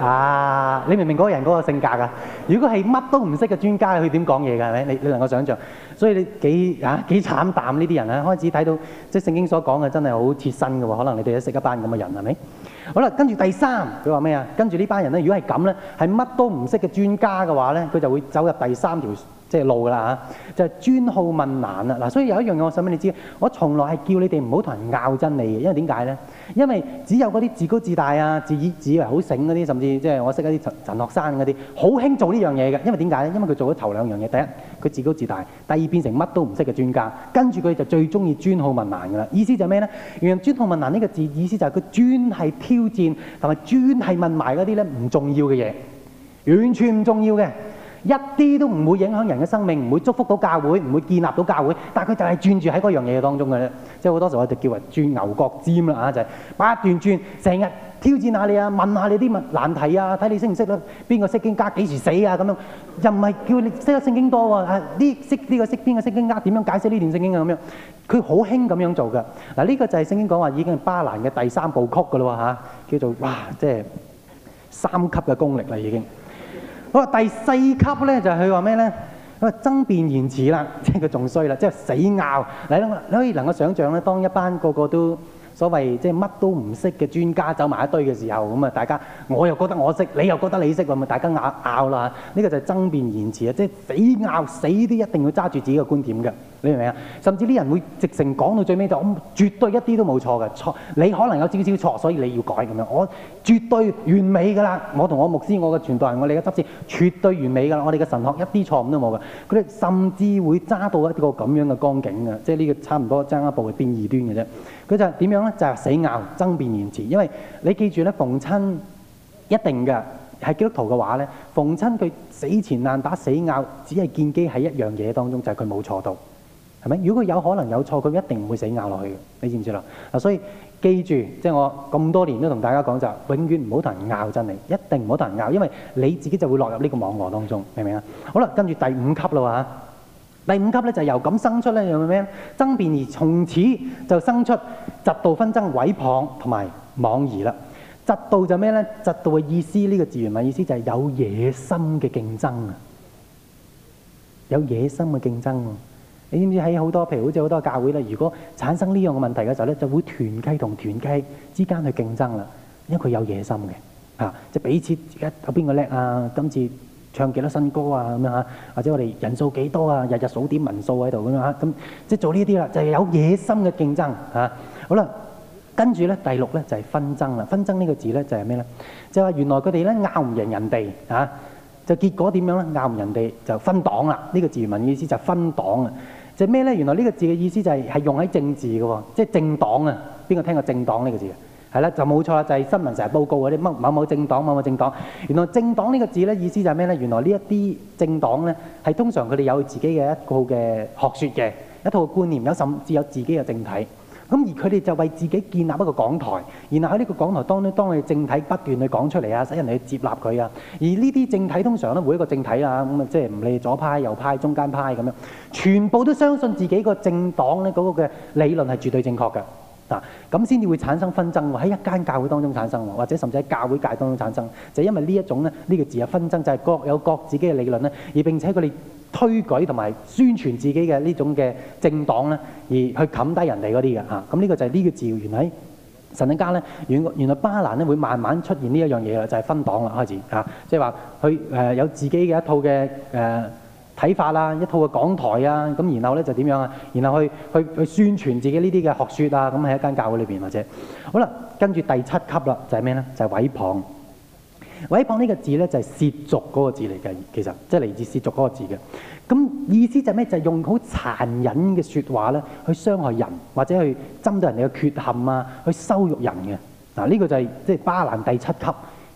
啊！你明唔明嗰個人嗰個性格噶？如果係乜都唔識嘅專家，佢點講嘢噶？係咪？你你能夠想象？所以你幾啊幾慘淡呢啲人啊！開始睇到即係聖經所講嘅真係好貼身嘅喎。可能你哋都識一班咁嘅人，係咪？好啦，跟住第三，佢話咩啊？跟住呢班人咧，如果係咁咧，係乜都唔識嘅專家嘅話咧，佢就會走入第三條。即係路啦嚇，就係專好問難啦嗱。所以有一樣嘢，我想俾你知，我從來係叫你哋唔好同人拗真理嘅，因為點解咧？因為只有嗰啲自高自大啊、自以為好醒嗰啲，甚至即係我識一啲陳，陳學生嗰啲，好興做呢樣嘢嘅。因為點解咧？因為佢做咗頭兩樣嘢，第一佢自高自大，第二變成乜都唔識嘅專家。跟住佢就最中意專好問難噶啦。意思就係咩咧？原來專好問難呢個字意思就係佢專係挑戰同埋專係問埋嗰啲咧唔重要嘅嘢，完全唔重要嘅。一啲都唔會影響人嘅生命，唔會祝福到教會，唔會建立到教會。但係佢就係轉住喺嗰樣嘢當中嘅啫，即係好多時我哋叫為轉牛角尖啦啊，就係不斷轉，成日挑戰下你啊，問下你啲問難題啊，睇你識唔識啦。邊個聖經家幾時死啊？咁樣又唔係叫你識得聖經多喎啊？呢識呢、這個識邊個聖經家點樣解釋呢段聖經啊？咁樣佢好輕咁樣做嘅嗱，呢、這個就係聖經講話已經係巴蘭嘅第三部曲嘅咯喎，叫做哇，即係三級嘅功力啦已經。我好第四級呢，就係佢話咩呢？佢話爭辯言辭啦，即係佢仲衰啦，即係死拗。你，你可以能夠想象呢，當一班個個都。所謂即係乜都唔識嘅專家走埋一堆嘅時候，咁啊大家我又覺得我識，你又覺得你識，咪大家拗拗啦，呢個就係爭辯言辭啊，即係死拗死啲，一定要揸住自己嘅觀點嘅，你明唔明啊？甚至啲人會直成講到最尾就我絕對一啲都冇錯嘅，錯，你可能有少少錯，所以你要改咁樣。我絕對完美噶啦，我同我牧師、我嘅傳道人、我哋嘅執事絕對完美噶啦，我哋嘅神學一啲錯誤都冇嘅。佢哋甚至會揸到一個咁樣嘅光景嘅，即係呢個差唔多爭一步嘅變異端嘅啫。佢就點樣咧？就係、是、死拗爭辯言辭，因為你記住咧，逢親一定嘅係基督徒嘅話咧，逢親佢死纏爛打、死拗，只係建基喺一樣嘢當中，就係佢冇錯到，係咪？如果佢有可能有錯，佢一定唔會死拗落去嘅，你知唔知啦？嗱，所以記住，即、就、係、是、我咁多年都同大家講，就是、永遠唔好同人拗真理，一定唔好同人拗，因為你自己就會落入呢個網羅當中，明唔明啊？好啦，跟住第五級啦喎。第五級咧就由咁生出咧，有咩咧爭辯而從此就生出嫉妒、紛爭、毀謗同埋妄疑啦。嫉妒就咩咧？嫉妒嘅意思呢、呢個字原文意思就係有野心嘅競爭啊，有野心嘅競爭。你知唔知喺好多譬如好似好多教會咧，如果產生呢樣嘅問題嘅時候咧，就會團契同團契之間去競爭啦，因為佢有野心嘅嚇、啊，即係彼此而家有邊個叻啊？今次。唱幾多新歌啊？咁樣嚇，或者我哋人數幾多啊？日日數點民數喺度咁樣嚇，咁即係做呢啲啦，就係、是、有野心嘅競爭嚇、啊。好啦，跟住咧，第六咧就係、是、紛爭啦。紛爭呢個字咧就係咩咧？就話、是、原來佢哋咧拗唔贏人哋啊，就結果點樣咧？拗唔贏人哋就分黨啦。呢、這個字文意思就是分黨啊。就咩、是、咧？原來呢個字嘅意思就係係用喺政治嘅喎，即、就、係、是、政黨啊。邊個聽過政黨呢個字啊？係啦，就冇錯啦，就係新聞成日報告嗰啲乜某某政黨某某政黨。原來政黨呢個字咧，意思就係咩咧？原來呢一啲政黨咧，係通常佢哋有自己嘅一套嘅學説嘅一套觀念，有甚至有自己嘅政體。咁而佢哋就為自己建立一個講台，然後喺呢個講台當中，當佢政體不斷去講出嚟啊，使人哋去接納佢啊。而呢啲政體通常咧，每一個政體啦，咁啊，即係唔理左派、右派、中間派咁樣，全部都相信自己個政黨咧嗰個嘅理論係絕對正確嘅。嗱，咁先至會產生紛爭喎，喺一間教會當中產生喎，或者甚至喺教會界當中產生，就係、因為呢一種咧，呢、呢個字啊，紛爭就係、是、各有各自己嘅理論咧，而並且佢哋推舉同埋宣傳自己嘅呢種嘅政黨咧，而去冚低人哋嗰啲嘅嚇，咁、啊、呢、嗯呢個就係呢個字原喺神聖家咧，原來呢原來巴蘭咧會慢慢出現呢一樣嘢啦，就係、是、分黨啦開始嚇，即係話佢誒有自己嘅一套嘅誒。呃睇法啦，一套嘅講台啊，咁然後咧就點樣啊？然後去去去宣傳自己呢啲嘅學説啊，咁喺一間教會裏邊或者好啦，跟住第七級啦，就係咩咧？就係毀謗。毀謗呢個字咧就係、係、涉俗嗰個字嚟嘅，其實即係嚟自褻瀆嗰個字嘅。咁意思就係咩？就係用好殘忍嘅説話咧，去傷害人，或者去針對人哋嘅缺陷啊，去羞辱人嘅。嗱，呢個就係即係巴蘭第七級。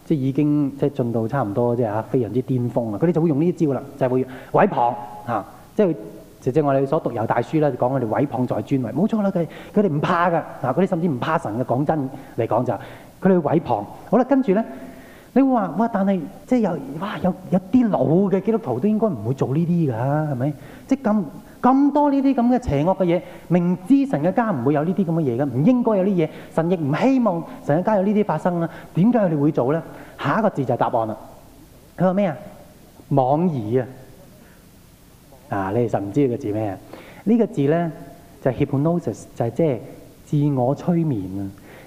即係已經即係進度差唔多即係啊，非常之巔峰啊！佢哋就會用呢啲招啦，就係、是、會毀謗啊！即係直接我哋所讀猶大書啦，講我哋毀謗在尊位，冇錯啦！佢哋佢哋唔怕㗎嗱，佢哋甚至唔怕神嘅。講真嚟講就，佢哋毀謗好啦，跟住咧，你會話哇，但係即係有哇有有啲老嘅基督徒都應該唔會做呢啲㗎，係咪？即係咁。咁多呢啲咁嘅邪惡嘅嘢，明知神嘅家唔會有呢啲咁嘅嘢嘅，唔應該有呢啲嘢，神亦唔希望神嘅家有呢啲發生啦。點解佢哋會做咧？下一個字就係答案啦。佢話咩啊？妄疑啊！啊，你哋其實唔知呢個字咩啊？呢、這個字咧就係、是、hypnosis，就係即係自我催眠啊。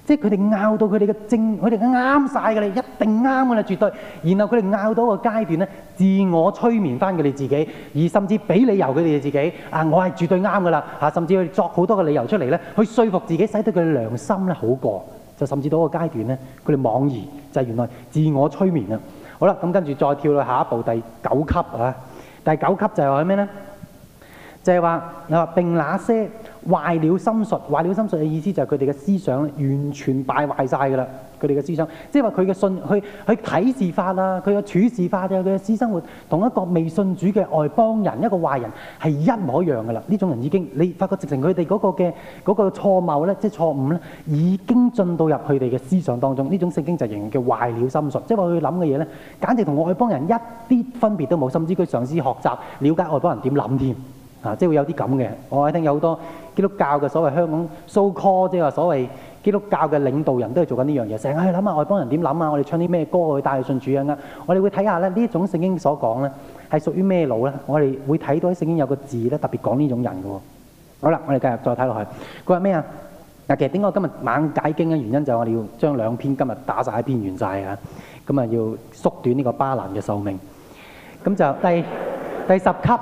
即係佢哋拗到佢哋嘅正，佢哋啱晒㗎啦，一定啱㗎啦，絕對。然後佢哋拗到個階段咧，自我催眠翻佢哋自己，而甚至俾理由佢哋自己啊，我係絕對啱㗎啦嚇，甚至佢哋作好多嘅理由出嚟咧，去説服自己，使得佢良心咧好過，就甚至到個階段咧，佢哋妄疑就係原來自我催眠啦。好啦，咁跟住再跳到下一步第九級啊，第九級就係話咩咧？就係話，你話，並那些壞了心術，壞了心術嘅意思就係佢哋嘅思想完全敗壞晒㗎啦。佢哋嘅思想，即係話佢嘅信，佢佢睇事法啊，佢嘅處事法啊，佢嘅私生活，同一個未信主嘅外邦人，一個壞人係一模一樣㗎啦。呢種人已經你發覺他們的，直情佢哋嗰個嘅嗰個錯謬咧，即係錯誤咧，已經進到入佢哋嘅思想當中。呢種聖經就形容叫壞了心術，即係話佢諗嘅嘢咧，簡直同外邦人一啲分別都冇，甚至佢嘗試學習了解外邦人點諗添。啊，即係會有啲咁嘅，我喺聽有好多基督教嘅所謂香港 so call，即係話所謂基督教嘅領導人都係做緊呢樣嘢，成日諗啊，外邦人點諗啊，我哋唱啲咩歌去帶佢信主啊啱，我哋會睇下咧，呢一種聖經所講咧係屬於咩路咧？我哋會睇到喺聖經有個字咧，特別講呢種人嘅喎。好啦，我哋繼續再睇落去。佢話咩啊？嗱，其實點解今日猛解經嘅原因就係我哋要將兩篇今日打曬一篇完曬嘅，咁啊要縮短呢個巴蘭嘅壽命。咁就第第十級。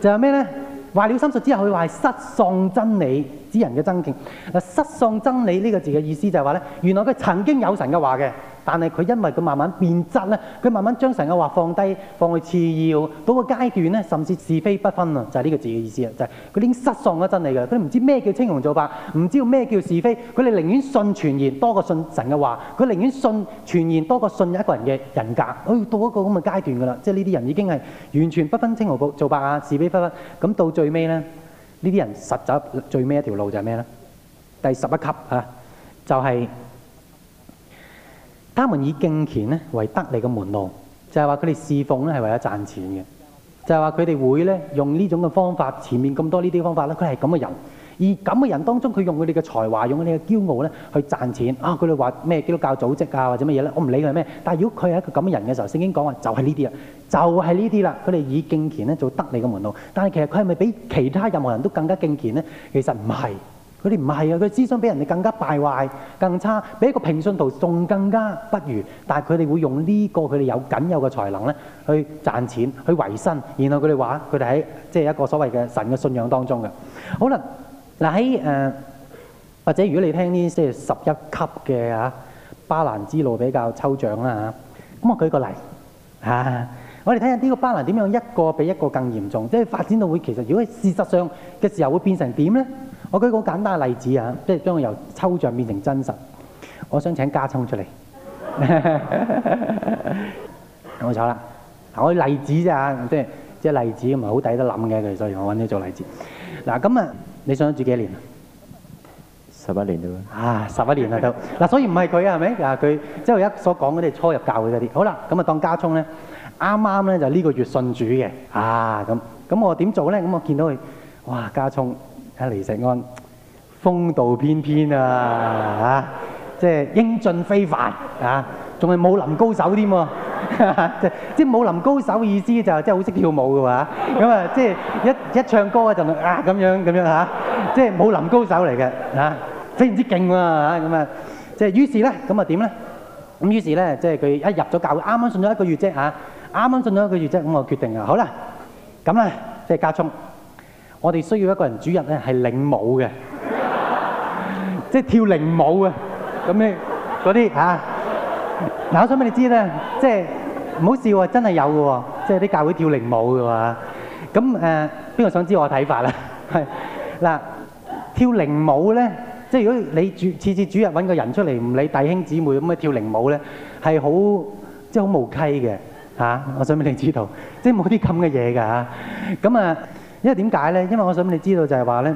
就係咩呢？壞了心術之後佢話係失喪真理之人嘅爭競，失喪真理呢個字嘅意思就係話咧，原來佢曾經有神嘅話嘅，但係佢因為佢慢慢變質咧，佢慢慢將神嘅話放低，放去次要，到個階段咧，甚至是非不分啊！就係、是、呢個字嘅意思啊，就係、是、佢已經失喪咗真理噶啦，佢哋唔知咩叫青紅皂白，唔知道咩叫是非，佢哋寧願信傳言多過信神嘅話，佢寧願信傳言多過信一個人嘅人格，去到一個咁嘅階段噶啦，即係呢啲人已經係完全不分青紅皂白啊，是非不分，咁到最尾咧。呢啲人實走最尾一條路就係咩咧？第十一級嚇，就係、是、他們以敬虔咧為得利嘅門路，就係話佢哋侍奉咧係為咗賺錢嘅，就係話佢哋會咧用呢種嘅方法，前面咁多呢啲方法咧，佢係咁嘅人。而咁嘅人當中，佢用佢哋嘅才華，用佢哋嘅驕傲咧，去賺錢啊！佢哋話咩基督教組織啊，或者乜嘢咧？我唔理佢係咩，但係如果佢係一個咁嘅人嘅時候，聖經講話就係呢啲啊，就係呢啲啦。佢哋以敬虔咧做得利嘅門路，但係其實佢係咪比其他任何人都更加敬虔咧？其實唔係，佢哋唔係啊！佢思想比人哋更加敗壞、更差，比一個平信徒仲更加不如。但係佢哋會用呢個佢哋有僅有嘅才能咧，去賺錢、去維生。然後佢哋話佢哋喺即係一個所謂嘅神嘅信仰當中嘅，好啦。嗱喺誒，或者如果你聽呢，即係十一級嘅嚇，巴蘭之路比較抽象啦嚇，咁我舉個例嚇、啊，我哋睇下呢個巴蘭點樣一個比一個更嚴重，即係發展到會其實如果係事實上嘅時候會變成點咧？我舉個簡單嘅例子啊，即係將佢由抽象變成真實。我想請家聰出嚟，冇錯啦，我例子咋？即係即係例子唔係好抵得諗嘅，所以我揾呢做例子。嗱咁啊～你想住幾年，年啊？十一年啫喎！啊，十一年啊都，嗱，所以唔係佢啊，係咪？啊，佢即係而家所講嗰啲初入教會嗰啲。好啦，咁啊當家聰咧，啱啱咧就呢個月信主嘅啊咁。咁我點做咧？咁我見到佢哇，家聰阿李石安風度翩翩啊嚇，即係、 (laughs) 啊就是、英俊非凡啊，仲係武林高手添、啊、喎！即係即係武林高手嘅意思就係即係好識跳舞嘅喎，咁啊即係一一唱歌啊就啊咁樣咁樣嚇，即係武林高手嚟嘅嚇，非常之勁喎嚇，咁啊，即係於是咧咁啊點咧？咁於是咧即係佢一入咗教會，啱啱信咗一個月啫嚇，啱啱信咗一個月啫，咁我決定啊，好啦，咁咧即係家聰，我哋需要一個人主日咧係領舞嘅，即係跳靈舞嘅，咁咧嗰啲嚇，嗱我想俾你知咧，即係。唔好笑啊！真係有嘅喎，即係啲教會跳靈舞嘅喎。咁誒，邊個想知我睇法咧？係嗱，跳靈舞咧，即係如果你主次次主日揾個人出嚟唔理弟兄姊妹咁樣跳靈舞咧，係好即係好無稽嘅嚇。我想畀你知道，即係冇啲咁嘅嘢㗎嚇。咁啊，因為點解咧？因為我想畀你知道就係話咧，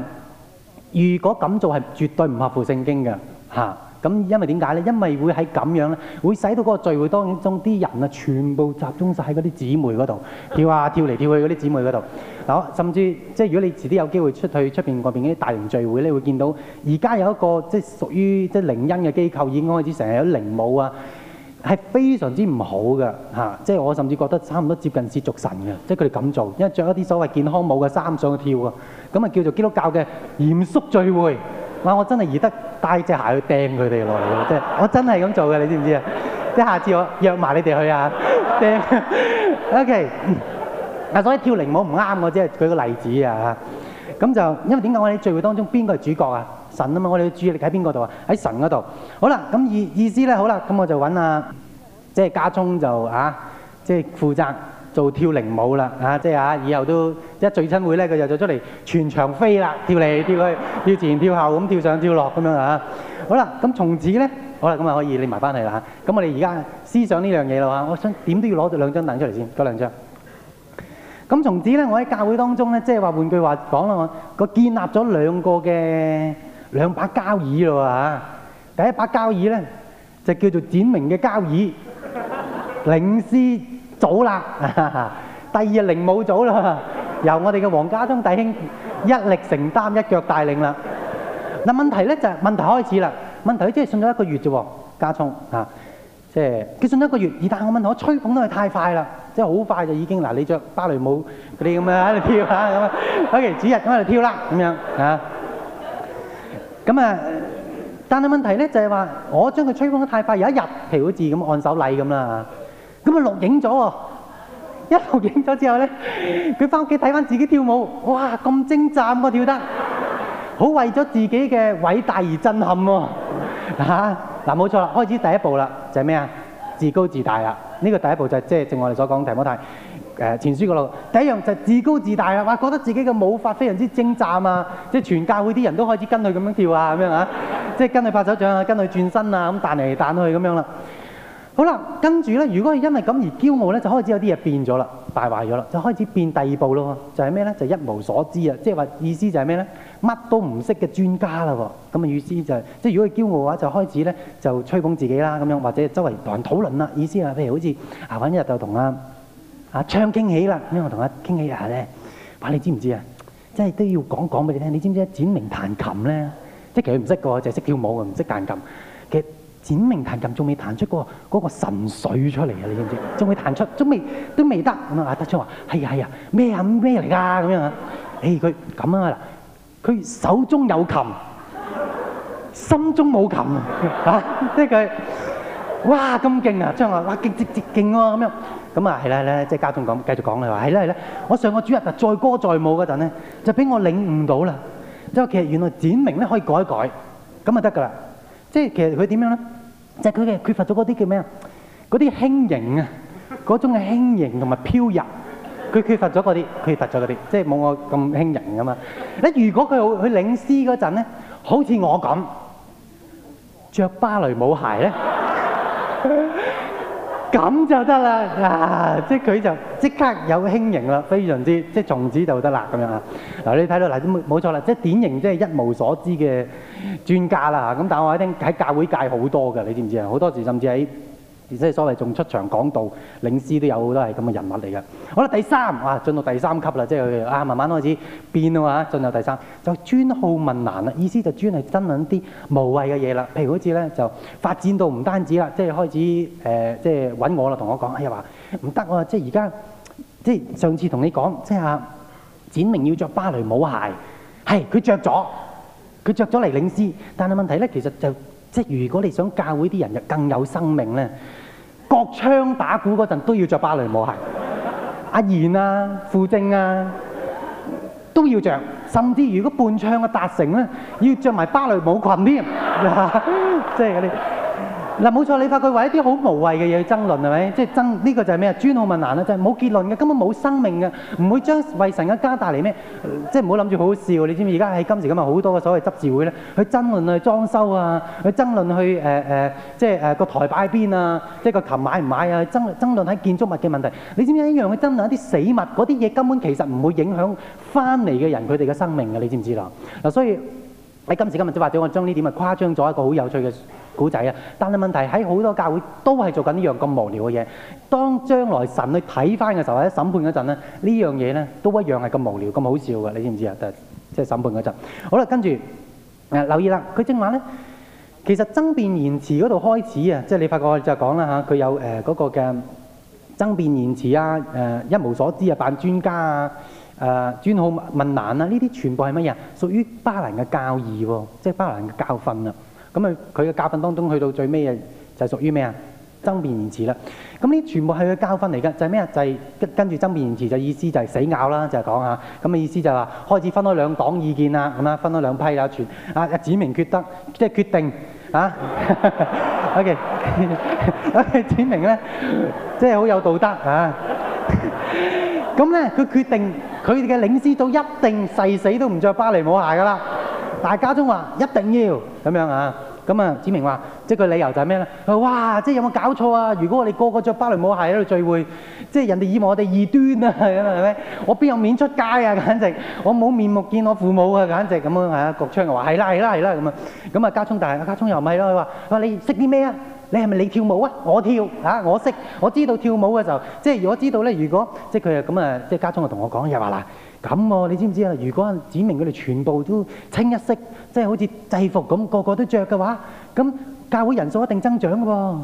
如果咁做係絕對唔合乎聖經嘅嚇。咁因為點解呢？因為會喺咁樣呢，會使到嗰個聚會當中啲人啊，全部集中晒喺嗰啲姊妹嗰度跳下跳嚟跳去嗰啲姊妹嗰度。嗱，甚至即係如果你遲啲有機會出去出邊外邊啲大型聚會呢，你會見到而家有一個即係屬於即係靈恩嘅機構已經開始成日有靈舞啊，係非常之唔好嘅嚇、啊。即係我甚至覺得差唔多接近節族神嘅，即係佢哋咁做，因為着一啲所謂健康舞嘅衫上去跳啊，咁啊叫做基督教嘅嚴肅聚會。我真係易得帶隻鞋去釘佢哋落嚟喎，即係、 (laughs) 就是、我真係咁做嘅，你知唔知啊？即 (laughs) 下次我約埋你哋去啊，釘。 (laughs) (laughs) OK。嗱，所以跳靈舞唔啱我啫，舉個例子啊。咁就因為點解我哋聚會當中邊個係主角啊？神啊嘛，我哋嘅注意力喺邊個度啊？喺神嗰度。好啦，咁意意思咧，好啦，咁我就揾啊，即係家聰就啊，即係負責。做跳靈舞啦，啊，即係啊，以後都一聚親會咧，佢就就出嚟全場飛啦，跳嚟跳去，跳前跳後咁，跳上跳落咁樣啊！好啦，咁從此咧，好啦，咁啊可以拎埋翻去啦嚇。咁我哋而家思想呢樣嘢啦嚇，我想點都要攞兩張凳出嚟先，嗰兩張。咁從此咧，我喺教會當中咧，即係話換句話講啦，我個建立咗兩個嘅兩把交椅咯嚇。第一把交椅咧，就叫做展明嘅交椅，領師。早啦，第二日，零冇早啦，由我哋嘅黃家聰弟兄一力承擔一腳帶領啦。嗱問題咧就係、是、問題開始啦，問題咧即係信咗一個月啫，家聰啊，即係佢信咗一個月，而但係我問題我吹捧得佢太快啦，即係好快就已經嗱你著芭蕾舞嗰啲咁啊喺度跳嚇咁啊，OK，主日咁喺度跳啦咁樣啊，咁啊，okay，啊，啊，但係問題咧就係、是、話我將佢吹捧得太快，有一日譬如好似咁按手禮咁啦。啊咁啊錄影咗喎，一錄影咗之後咧，佢翻屋企睇翻自己跳舞，哇咁精湛喎、啊、跳得好，為咗自己嘅偉大而震撼喎，嗱冇錯啦，開始第一步啦，就係咩啊？自高自大啦、啊，呢個第一步就係即係正我哋所講提摩太誒、呃、前書嗰度第一樣就係自高自大啦、啊，哇、啊、覺得自己嘅舞法非常之精湛啊，即係全教會啲人都開始跟佢咁樣跳啊咁樣啊，即係跟佢拍手掌啊，跟佢轉身啊，咁彈嚟彈去咁樣啦。好啦，跟住咧，如果係因為咁而驕傲咧，就開始有啲嘢變咗啦，敗壞咗啦，就開始變第二步咯。就係咩咧？就一無所知啊！即係話意思就係咩咧？乜都唔識嘅專家啦。咁嘅意思就係、是，即、就、係、是、如果佢驕傲嘅話，就開始咧就吹捧自己啦，咁樣或者周圍同人討論啦。意思係譬如好似啊，揾日就同阿阿昌傾起啦。咁我同阿傾起下咧，哇、啊啊啊啊啊啊！你知唔知啊？即係都要講講俾你聽。你知唔知？展明彈琴咧，即係其實唔識個，就係、是、識跳舞嘅，唔識彈琴嘅。其實展明彈琴仲未彈出嗰個嗰個神髓出嚟啊！你知唔知？仲未彈出，仲未都未得咁啊！阿德昌話：係啊係啊，咩啊咩嚟㗎？咁樣，誒佢咁啊嗱，佢手中有琴，心中冇琴啊！即係佢哇咁勁啊！張話哇極極極勁喎！咁樣咁啊係啦係啦，即係加總講繼續講啦。話係啦係啦，我上個主日啊，載歌載舞嗰陣咧，就俾我領悟到啦，即係其實原來展明咧可以改一改，咁啊得㗎啦。即係其實佢點樣咧？就係佢嘅缺乏咗嗰啲叫咩啊？嗰啲輕盈啊，嗰種嘅輕盈同埋飄逸，佢缺乏咗嗰啲，缺乏咗嗰啲，即係冇我咁輕盈噶嘛。一如果佢去領詩嗰陣咧，好似我咁著芭蕾舞鞋咧，咁就得啦。嗱，即係佢就即刻有輕盈啦，非常之即係從此就得啦咁樣啊。嗱，你睇到嗱，冇錯啦，即係典型即係一無所知嘅。專家啦咁，但係我一定喺教會界好多嘅，你知唔知啊？好多時甚至喺即係所謂仲出場講道領師都有好多係咁嘅人物嚟嘅。好啦，第三啊，進到第三級啦，即係啊，慢慢開始變啦嘛，進入第三就專好問難啦，意思就專係爭論啲無謂嘅嘢啦。譬如好似咧就發展到唔單止啦，即係開始誒、呃、即係揾我啦，同我講哎呀，話唔得啊！即係而家即係上次同你講，即係阿、啊、展明要着芭蕾舞鞋，係佢着咗。佢着咗嚟領司，但係問題咧，其實就即係如果你想教會啲人更有生命咧，各槍打鼓嗰陣都要着芭蕾舞鞋， (laughs) 阿賢啊、傅正啊都要着，甚至如果半唱嘅達成咧，要着埋芭蕾舞裙添，即係啲。嗱，冇錯，你發佢為一啲好無謂嘅嘢去爭論係咪？即係、就是、爭呢、呢個就係咩啊？專好問難啦，即係冇結論嘅，根本冇生命嘅，唔會將為神嘅家帶嚟咩？即係唔好諗住好好笑。你知唔知而家喺今時今日好多嘅所謂的執事會咧，去爭論去裝修啊，去爭論去誒誒，即係誒個台擺喺邊啊，即係個琴買唔買啊？爭爭論喺建築物嘅問題。你知唔知一樣去爭論一啲死物？嗰啲嘢根本其實唔會影響翻嚟嘅人佢哋嘅生命嘅，你知唔知啦？嗱，所以喺今時今日，即係或者我將呢點啊誇張咗一個好有趣嘅故仔啊！但係，問題喺好多教會都係做緊呢樣咁無聊嘅嘢。當將來神去睇翻嘅時候，喺審判嗰陣咧，樣東西呢樣嘢咧都一樣係咁無聊，咁好笑嘅，你知唔知道，就係，啊？即係審判嗰陣。好啦，跟住誒留意啦，佢正話咧，其實爭辯言辭嗰度開始啊，即，就，係，是，你發覺就係講啦嚇，佢有誒嗰，呃那個嘅爭辯言辭啊，啊，一無所知啊，扮專家啊，誒，啊，專好問難啊，呢啲全部係乜嘢？屬於巴蘭嘅教義喎，啊，即，就，係，是，巴蘭嘅教訓啊！咁啊，佢嘅教訓當中去到最尾啊，就係屬於咩啊？爭辯言辭啦。咁呢全部係佢教訓嚟噶，就係咩啊？就係、是、跟跟住爭辯言辭，就是、意思就係死拗啦，就係講下。咁、那、嘅、個、意思就係話，開始分開兩黨意見啦，咁啦，分開兩批啦，全啊，指明決得，即係決定啊。 (laughs) OK，OK，Okay. (laughs) 指明咧，即係好有道德嚇。咁、啊、咧，佢 (laughs) 決定佢哋嘅領袖都一定誓死都唔著巴黎舞鞋噶啦。但係家聰話一定要咁樣啊，咁啊，子明話，即個理由就係咩咧？哇！即係有冇有搞錯啊？如果我哋個個著芭蕾舞鞋喺度聚會，即人哋以為我哋異端啊，係咪？我邊有面子出街啊？簡直，我冇面目見我父母啊！簡直咁樣啊，國昌又話：係啦，係啦，係啦咁啊。咁啊，家聰但係，家聰又唔係咯？佢話：你識啲咩啊？你係咪你跳舞啊？我跳、啊、我識，我知道跳舞嘅時候，即我如果知道如果即佢咁啊，即家聰就同我講又話啦。咁喎，啊，你知唔知啊？如果子明佢哋全部都清一色，即係好似制服咁，個個都着嘅話，咁教會人數一定增長嘅喎，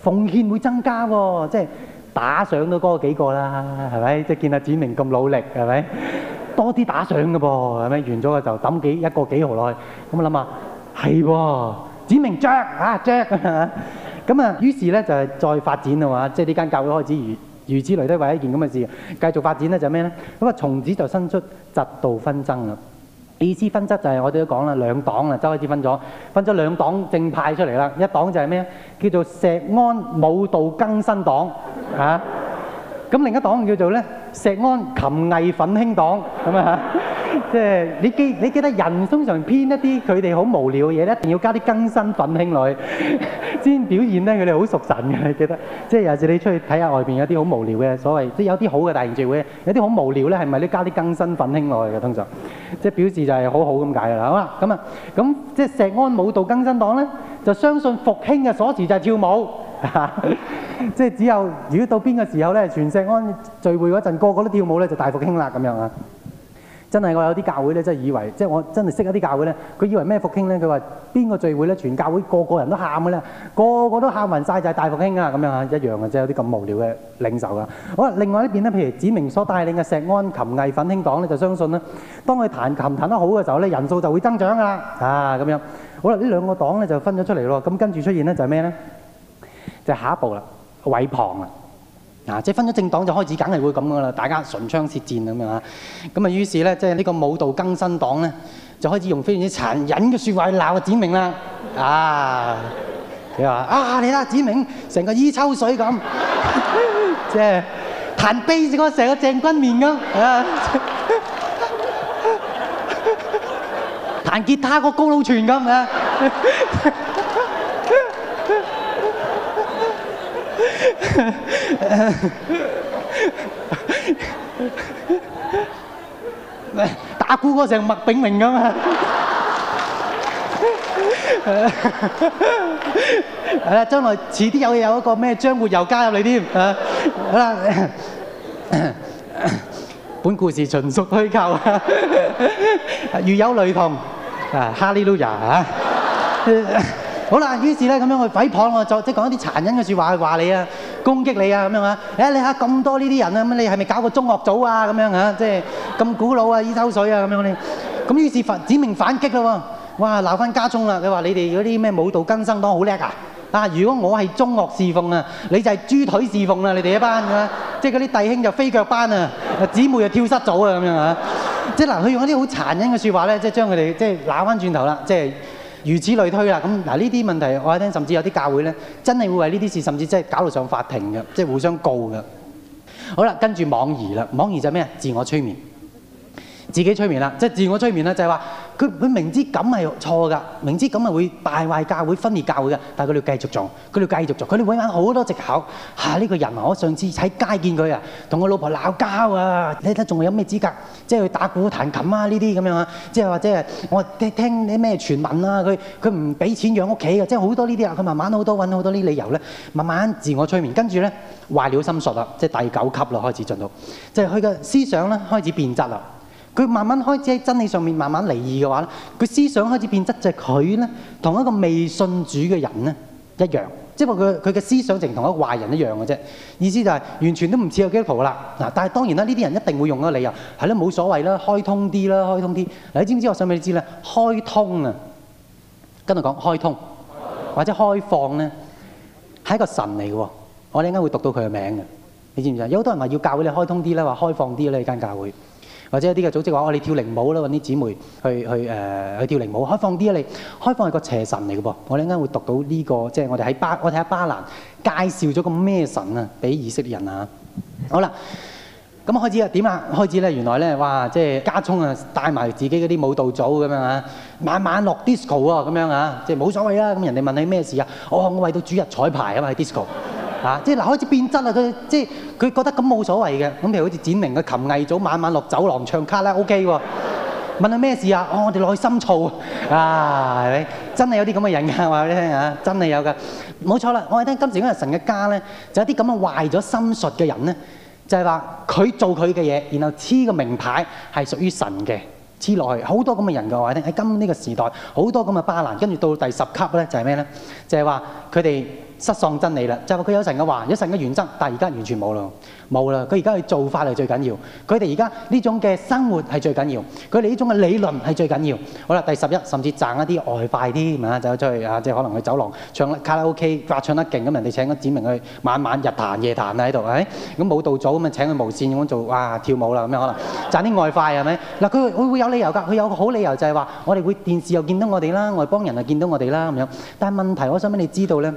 奉獻會增加喎，即係打賞都個幾個啦，係咪？即係見阿子明咁努力，係咪？多啲打賞嘅噃，係咪？完咗嘅就抌幾一個幾毫落去，咁啊諗下，係喎，子明着，啊著，咁啊， (laughs) 於是咧就再發展啊嘛，即係呢間教會開始如。如此類都係一件咁嘅事，繼續發展咧就係咩咧？咁啊，從此就生出嫉妒紛爭啦。意思分則就係我哋都講啦，兩黨啦，周開始分咗，分咗兩黨正派出嚟啦。一黨就係咩？叫做錫安舞蹈更新黨啊。咁另一黨叫做咧錫安琴藝奮興黨咁啊。 (laughs) 即係你記，你記得人通常編一啲佢哋好無聊嘅嘢咧，一定要加啲更新奮興落去，先表現咧佢哋好熟神嘅。你記得即係有時你出去睇下外邊有啲好無聊嘅所謂，即係有啲好嘅大型聚會，有啲好無聊咧，係咪都加啲更新奮興落去嘅？通常即係表示就係好好咁解啦。好啦，咁啊，咁即係石安舞蹈更新黨咧，就相信復興嘅鎖匙就係跳舞。即係只有如果到邊個時候咧，全石安聚會嗰陣，個個都跳舞咧，就大復興啦咁樣啊！真係我有啲教會呢，真係以為，即係我真係識一啲教會呢。佢以為咩復興呢？佢話邊個聚會呢？全教會個個人都喊嘅呢，個個都喊暈晒就係大復興啊！咁樣啊，一樣嘅，即係有啲咁無聊嘅領袖噶。好啦，另外一邊呢，譬如子明所帶領嘅石安琴藝粉興黨呢，就相信呢，當佢彈琴彈得好嘅時候呢，人數就會增長噶啦。啊，咁樣好啦，呢兩個黨呢，就分咗出嚟咯。咁跟住出現咧就係咩呢？就下一步啦，毀壩啊！嗱，即係、啊、分咗政黨就開始，梗係會咁噶啦，大家唇槍舌戰咁啊！咁啊，於是咧，即係呢個舞蹈更新黨咧，就開始用非常之殘忍嘅説話去鬧子明啦！啊，佢話：啊，你啦，子明，成個伊秋水咁，即係、 (laughs) 就是、彈悲子個成個鄭君綿咁， (laughs) (laughs) 彈吉他個高佬泉咁嘅。 (laughs) (laughs) 打估嗰陣，麥炳明咁啊！係啦，將來遲啲有有一個咩張活又加入你添啊！啊，本故事純屬虛構，如有雷同，啊哈利路亞啊！好啦，於是咧咁樣去誹謗喎，再即係講一啲殘忍嘅説話去話你啊，攻擊你啊咁樣啊。誒、哎，你嚇咁多呢啲人啊，咁你係咪搞個中學組啊？咁樣啊，即係咁古老啊，依抽水啊咁樣咧。咁於是反指名反擊啦喎，哇，鬧翻家中啦！佢話你哋嗰啲咩舞蹈根生當好叻啊！啊，如果我係中學侍奉啊，你就係豬腿侍奉啊，你哋一班嘅、啊，即係嗰啲弟兄就飛腳班啊，姊 (laughs) 妹就跳失組啊咁樣啊。即係嗱，佢用一啲好殘忍嘅説話咧，即係將佢哋即係鬧翻轉頭啦，即係。如此類推啦，咁嗱呢啲問題，我聽甚至有啲教會呢，真係會為呢啲事，甚至真係搞到上法庭嘅，即係互相告嘅。好啦，跟住妄疑啦，妄疑就咩啊？自我催眠，自己催眠啦，即係自我催眠啦，就係，就係話。佢明知咁係錯㗎，明知咁係會敗壞教會、分裂教會㗎，但係佢哋繼續做，佢哋繼續做，佢哋搵好多藉口、啊、這呢個人、啊、我上次喺街見佢啊，同我老婆鬧交啊，你睇仲有咩資格？即係去打鼓彈琴啊呢啲咁樣即係或者啊，我聽，聽你啲咩傳聞啊，佢佢唔俾錢養屋企㗎，即係好多呢啲啊，佢慢慢好多搵好多呢啲理由慢慢自我催眠，跟住呢，壞了心術啦，即係第九級啦，開始進入，就係佢嘅思想咧開始變質啦。佢慢慢開始喺真理上面慢慢離異嘅話咧，佢思想開始變質就是他，就係佢咧同一個未信主嘅人咧一樣，即係話佢佢嘅思想淨同一個壞人一樣嘅啫。意思就係完全都唔似有基督徒啦嗱。但係當然啦，呢啲人一定會用一個理由，係咯，冇所謂啦，開通啲啦，開通啲。你知唔知我想俾你知咧？開通啊，跟住講開通或者開放咧，係一個神嚟嘅。我哋陣間會讀到佢嘅名嘅，你知唔知啊？有好多人話要教佢哋開通啲咧，話開放啲咧，呢間教會。或者啲個組織話：我、哦、哋跳靈舞啦，揾啲姊妹去去誒、呃、去跳靈舞，開放啲啊！你開放係個邪神嚟嘅噃，我哋一陣會讀到呢、這個，即、就、係、是、我哋喺巴，我睇下巴蘭介紹咗個咩神啊，俾以色列人啊，好啦。咁開始啊？點啊？開始咧？原來咧，哇，即係加聰啊帶埋自己嗰啲舞蹈組咁啊，晚晚落 disco 喎咁樣啊，即係冇所謂啦。咁人哋問你咩事啊？我我為到主日彩排啊嘛，喺 disco 啊，即係嗱開始變質啦。佢即係佢覺得咁冇所謂嘅。咁譬如好似展明嘅琴藝組，晚晚落走廊唱卡拉 OK 喎，問你咩事啊？哦，我哋內心燥啊，係咪？真係有啲咁嘅人㗎，我話畀你聽啊，真係有㗎。冇錯啦，我哋聽今時今日神嘅家咧，就有啲咁嘅壞咗心術嘅人咧。就係話佢做佢嘅嘢，然後黐個名牌係屬於神嘅黐落去，好多咁嘅人嘅話咧，喺今呢個時代好多咁嘅巴蘭跟住到第十級咧就係咩咧？就係話佢哋。失喪真理啦，就係、是、佢有神嘅話，有神嘅原則，但係而家完全冇啦，冇啦。佢而家嘅做法係最緊要，佢哋而家呢種嘅生活係最緊要，佢哋呢種嘅理論係最緊要。好啦，第十一甚至賺一啲外快啲，問下走出去啊，即係可能去走廊唱卡拉 OK，哇唱得勁咁，人哋請個子明去晚晚日談夜談喺度，唉、哎、咁舞蹈組咁啊請佢無線咁做，哇跳舞啦咁樣可能賺啲外快係咪？嗱佢佢會有理由㗎，佢有個好理由就係、是、話我哋會電視又見到我哋啦，外邦人又見到我哋啦咁樣。但係問題，我想畀你知道咧？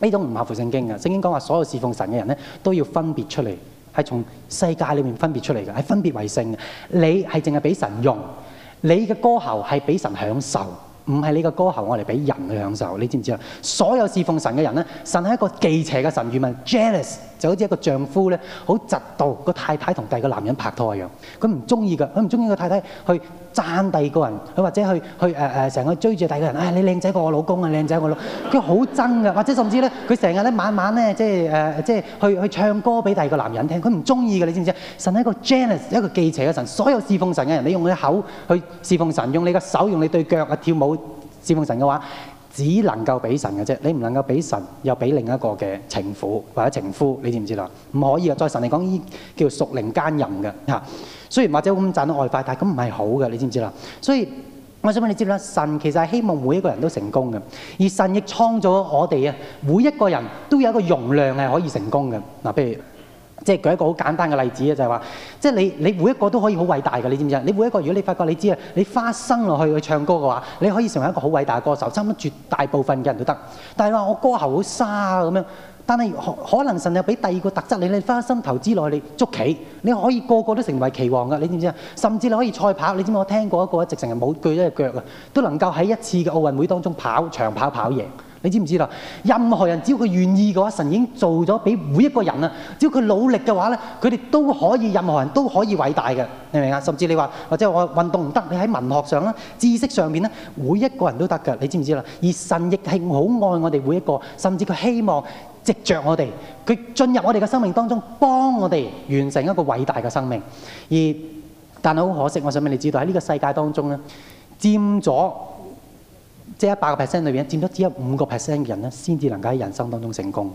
呢種唔合乎聖經嘅，聖經講話所有侍奉神嘅人呢，都要分別出嚟，係從世界裏面分別出嚟的，係分別為聖。你係淨係俾神用，你嘅歌喉係俾神享受，唔係你嘅歌喉我嚟俾人去享受。你知唔知？所有侍奉神嘅人呢，神係一個忌邪嘅神，與民 jealous。Je 就好似一個丈夫咧，好窒到個太太同第二個男人拍拖一樣。佢唔中意嘅，佢唔中意個太太去讚第二個人，佢或者去去誒誒成個追住第二個人。哎，你靚仔過我老公啊，靚仔過我老公啊。佢好憎嘅，或者甚至咧，佢成日咧晚晚咧，即係誒即係去去，去唱歌俾第二個男人聽。佢唔中意嘅，你知唔知啊？神係一個 jealous，一個忌邪嘅神。所有侍奉神嘅人，你用你口去侍奉神，用你嘅手，用你對腳啊跳舞侍奉神嘅話。只能夠俾神嘅啫，你唔能夠俾神又俾另一個嘅情婦或者情夫，你知唔知啦？唔可以啊！在神嚟講，呢叫屬靈奸淫嘅嚇。雖然或者咁賺到外快，但係咁唔係好嘅，你知唔知啦？所以我想問你知啦，神其實係希望每一個人都成功嘅，而神亦創造咗我哋啊，每一個人都有一個容量係可以成功嘅。嗱，譬如。即係舉一個好簡單嘅例子啊，就係話，即係你你每一個都可以好偉大嘅，你知唔知啊？你每一個，如果你發覺你知啊，你花心落去去唱歌嘅話，你可以成為一個好偉大嘅歌手，差唔多絕大部分嘅人都得。但係話我歌喉好沙啊咁樣，但係可能神有俾第二個特質，你你花心投資落去你捉棋，你可以個個都成為棋王㗎，你知唔知啊？甚至你可以賽跑，你知唔知我聽過一個直情係冇咗一隻腳啊，都能夠喺一次嘅奧運會當中跑長跑跑贏。你知唔知道，任何人只要佢願意嘅話，神已經做咗俾每一個人啦。只要佢努力嘅話呢，佢哋都可以，任何人都可以偉大嘅。你明唔明啊？甚至你話或者我運動唔得，你喺文學上啊、知識上面，咧，每一個人都得嘅。你知唔知啦？而神亦係好愛我哋每一個，甚至佢希望藉着我哋，佢進入我哋嘅生命當中，幫我哋完成一個偉大嘅生命。而但係好可惜，我想畀你知道喺呢個世界當中呢，佔咗，即係一百個 percent 裏邊，佔咗只有五個 percent 嘅人咧，先至能夠喺人生當中成功。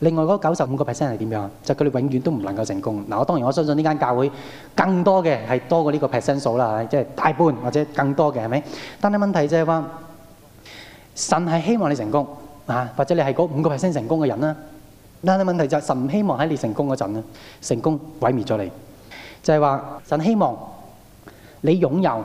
另外嗰九十五個 percent 係點樣？就佢哋永遠都唔能夠成功。嗱，我當然我相信呢間教會更多嘅係多過呢個 percent 數啦，即係大半或者更多嘅係咪？但係問題就係話，神係希望你成功啊，或者你係嗰五個 percent 成功嘅人啦。但係問題就係神唔希望喺你成功嗰陣咧，成功毀滅咗你。就係話，神希望你擁有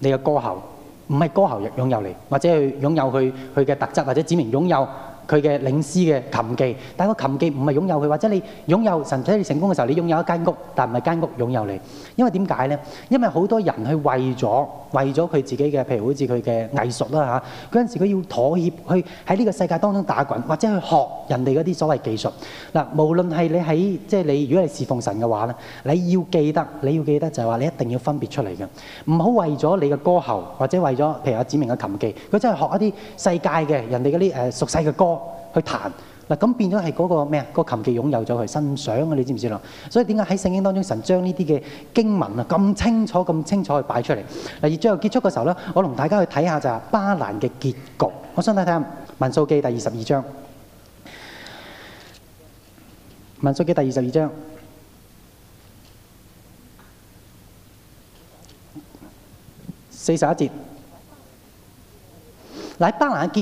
你嘅歌喉。唔係高效擁有嚟，或者擁有佢佢嘅特質，或者指明擁有。佢嘅領師嘅琴技，但係個琴技唔係擁有佢，或者你擁有神使你成功嘅時候，你擁有一間屋，但唔係間屋擁有你。因為點解咧？因為好多人去為咗為咗佢自己嘅，譬如好似佢嘅藝術啦嚇，嗰陣時佢要妥協去喺呢個世界當中打滾，或者去學人哋嗰啲所謂技術。嗱，無論係你喺即係你，如果係侍奉神嘅話咧，你要記得你要記得就係話你一定要分別出嚟嘅，唔好為咗你嘅歌喉，或者為咗譬如阿子明嘅琴技，佢真係學一啲世界嘅人哋嗰啲誒熟悉嘅歌。去彈嗱，咁變咗係嗰個咩啊？個琴技擁有咗佢身上啊！你知唔知咯？所以點解喺聖經當中，神將呢啲嘅經文啊咁清楚、咁清楚去擺出嚟嗱？而最後結束嘅時候咧，我同大家去睇下就係巴蘭嘅結局。我想睇睇啊，《民數記》第二十二章，《民數記》第二十二章四十一節。喺巴蘭嘅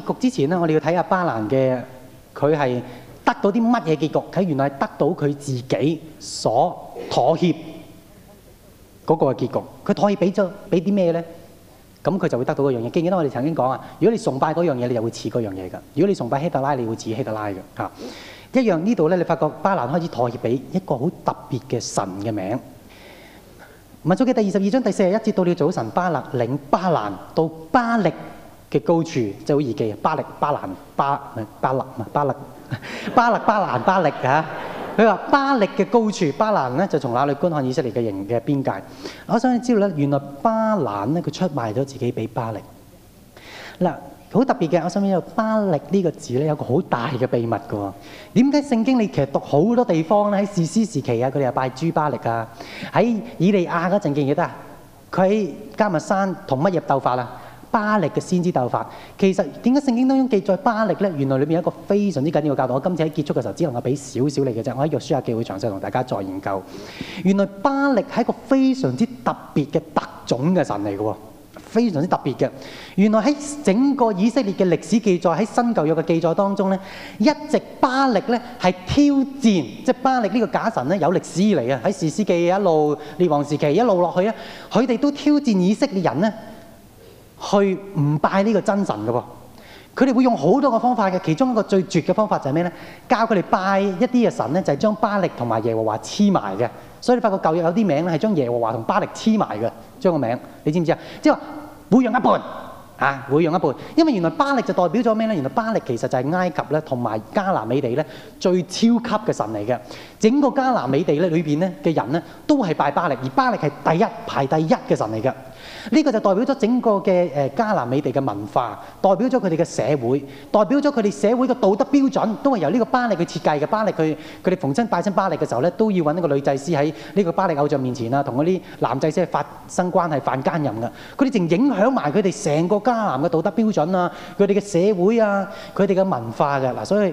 結局之前咧，我哋要睇下巴蘭嘅，佢係得到啲乜嘢結局？佢原來得到佢自己所妥協嗰個嘅結局。佢妥協俾咗俾啲咩咧？咁佢就會得到嗰樣嘢。記唔記得我哋曾經講啊？如果你崇拜嗰樣嘢，你就會似嗰樣嘢㗎。如果你崇拜希特拉，你會似希特拉㗎。嚇一樣呢度咧，你發覺巴蘭開始妥協俾一個好特別嘅神嘅名字。《民數記》第二十二章第四十一節：到了早晨，巴勒領巴蘭到巴力嘅高處就好易記啊！巴力、巴蘭、巴唔係巴蘭啊，巴勒、巴勒、巴蘭、巴力啊！佢話巴力嘅高處，巴蘭咧就從哪裏觀看以色列嘅人嘅邊界？我想知道咧，原來巴蘭咧佢出賣咗自己俾巴力。嗱，好特別嘅，我想知道巴力呢個字咧，有個好大嘅秘密㗎喎。點解聖經你其實讀好多地方咧？喺士師時期啊，佢哋又拜朱巴力啊。喺以利亞嗰陣記唔記得啊，佢喺迦密山同乜嘢鬥法啊？巴力嘅先知鬥法，其實點解聖經當中記載巴力呢？原來裏面有一個非常之緊要嘅教導。我今次喺結束嘅時候，只能夠俾少少你嘅啫。我喺約書亞記會詳細同大家再研究。原來巴力係一個非常之特別嘅特種嘅神嚟嘅喎，非常之特別嘅。原來喺整個以色列嘅歷史記載，喺新舊約嘅記載當中呢，一直巴力呢係挑戰，即係巴力呢個假神呢，有歷史以嚟啊喺士師記一路列王時期一路落去啊，佢哋都挑戰以色列人咧。去唔拜呢個真神嘅喎、哦，佢哋會用好多個方法嘅，其中一個最絕嘅方法就係咩咧？教佢哋拜一啲嘅神咧，就係、是、將巴力同埋耶和華黐埋嘅。所以你發覺舊約有啲名咧，係將耶和華同巴力黐埋嘅，將個名你知唔知啊？即係話會用一半啊，會用一半，因為原來巴力就代表咗咩咧？原來巴力其實就係埃及咧同埋加拿美地咧最超級嘅神嚟嘅。整個加拿美地咧裏邊咧嘅人咧都係拜巴力，而巴力係第一排第一嘅神嚟嘅。呢個就代表咗整個嘅誒、呃、迦南美地嘅文化，代表咗佢哋嘅社會，代表咗佢哋社會嘅道德標準，都係由呢個巴力去設計嘅。巴力。佢佢哋逢親拜親巴力嘅時候咧，都要揾一個女祭司喺呢個巴力偶像面前啊，同嗰啲男祭司發生關係犯奸淫噶。佢哋仲影響埋佢哋成個迦南嘅道德標準啊，佢哋嘅社會啊，佢哋嘅文化嘅嗱、啊，所以。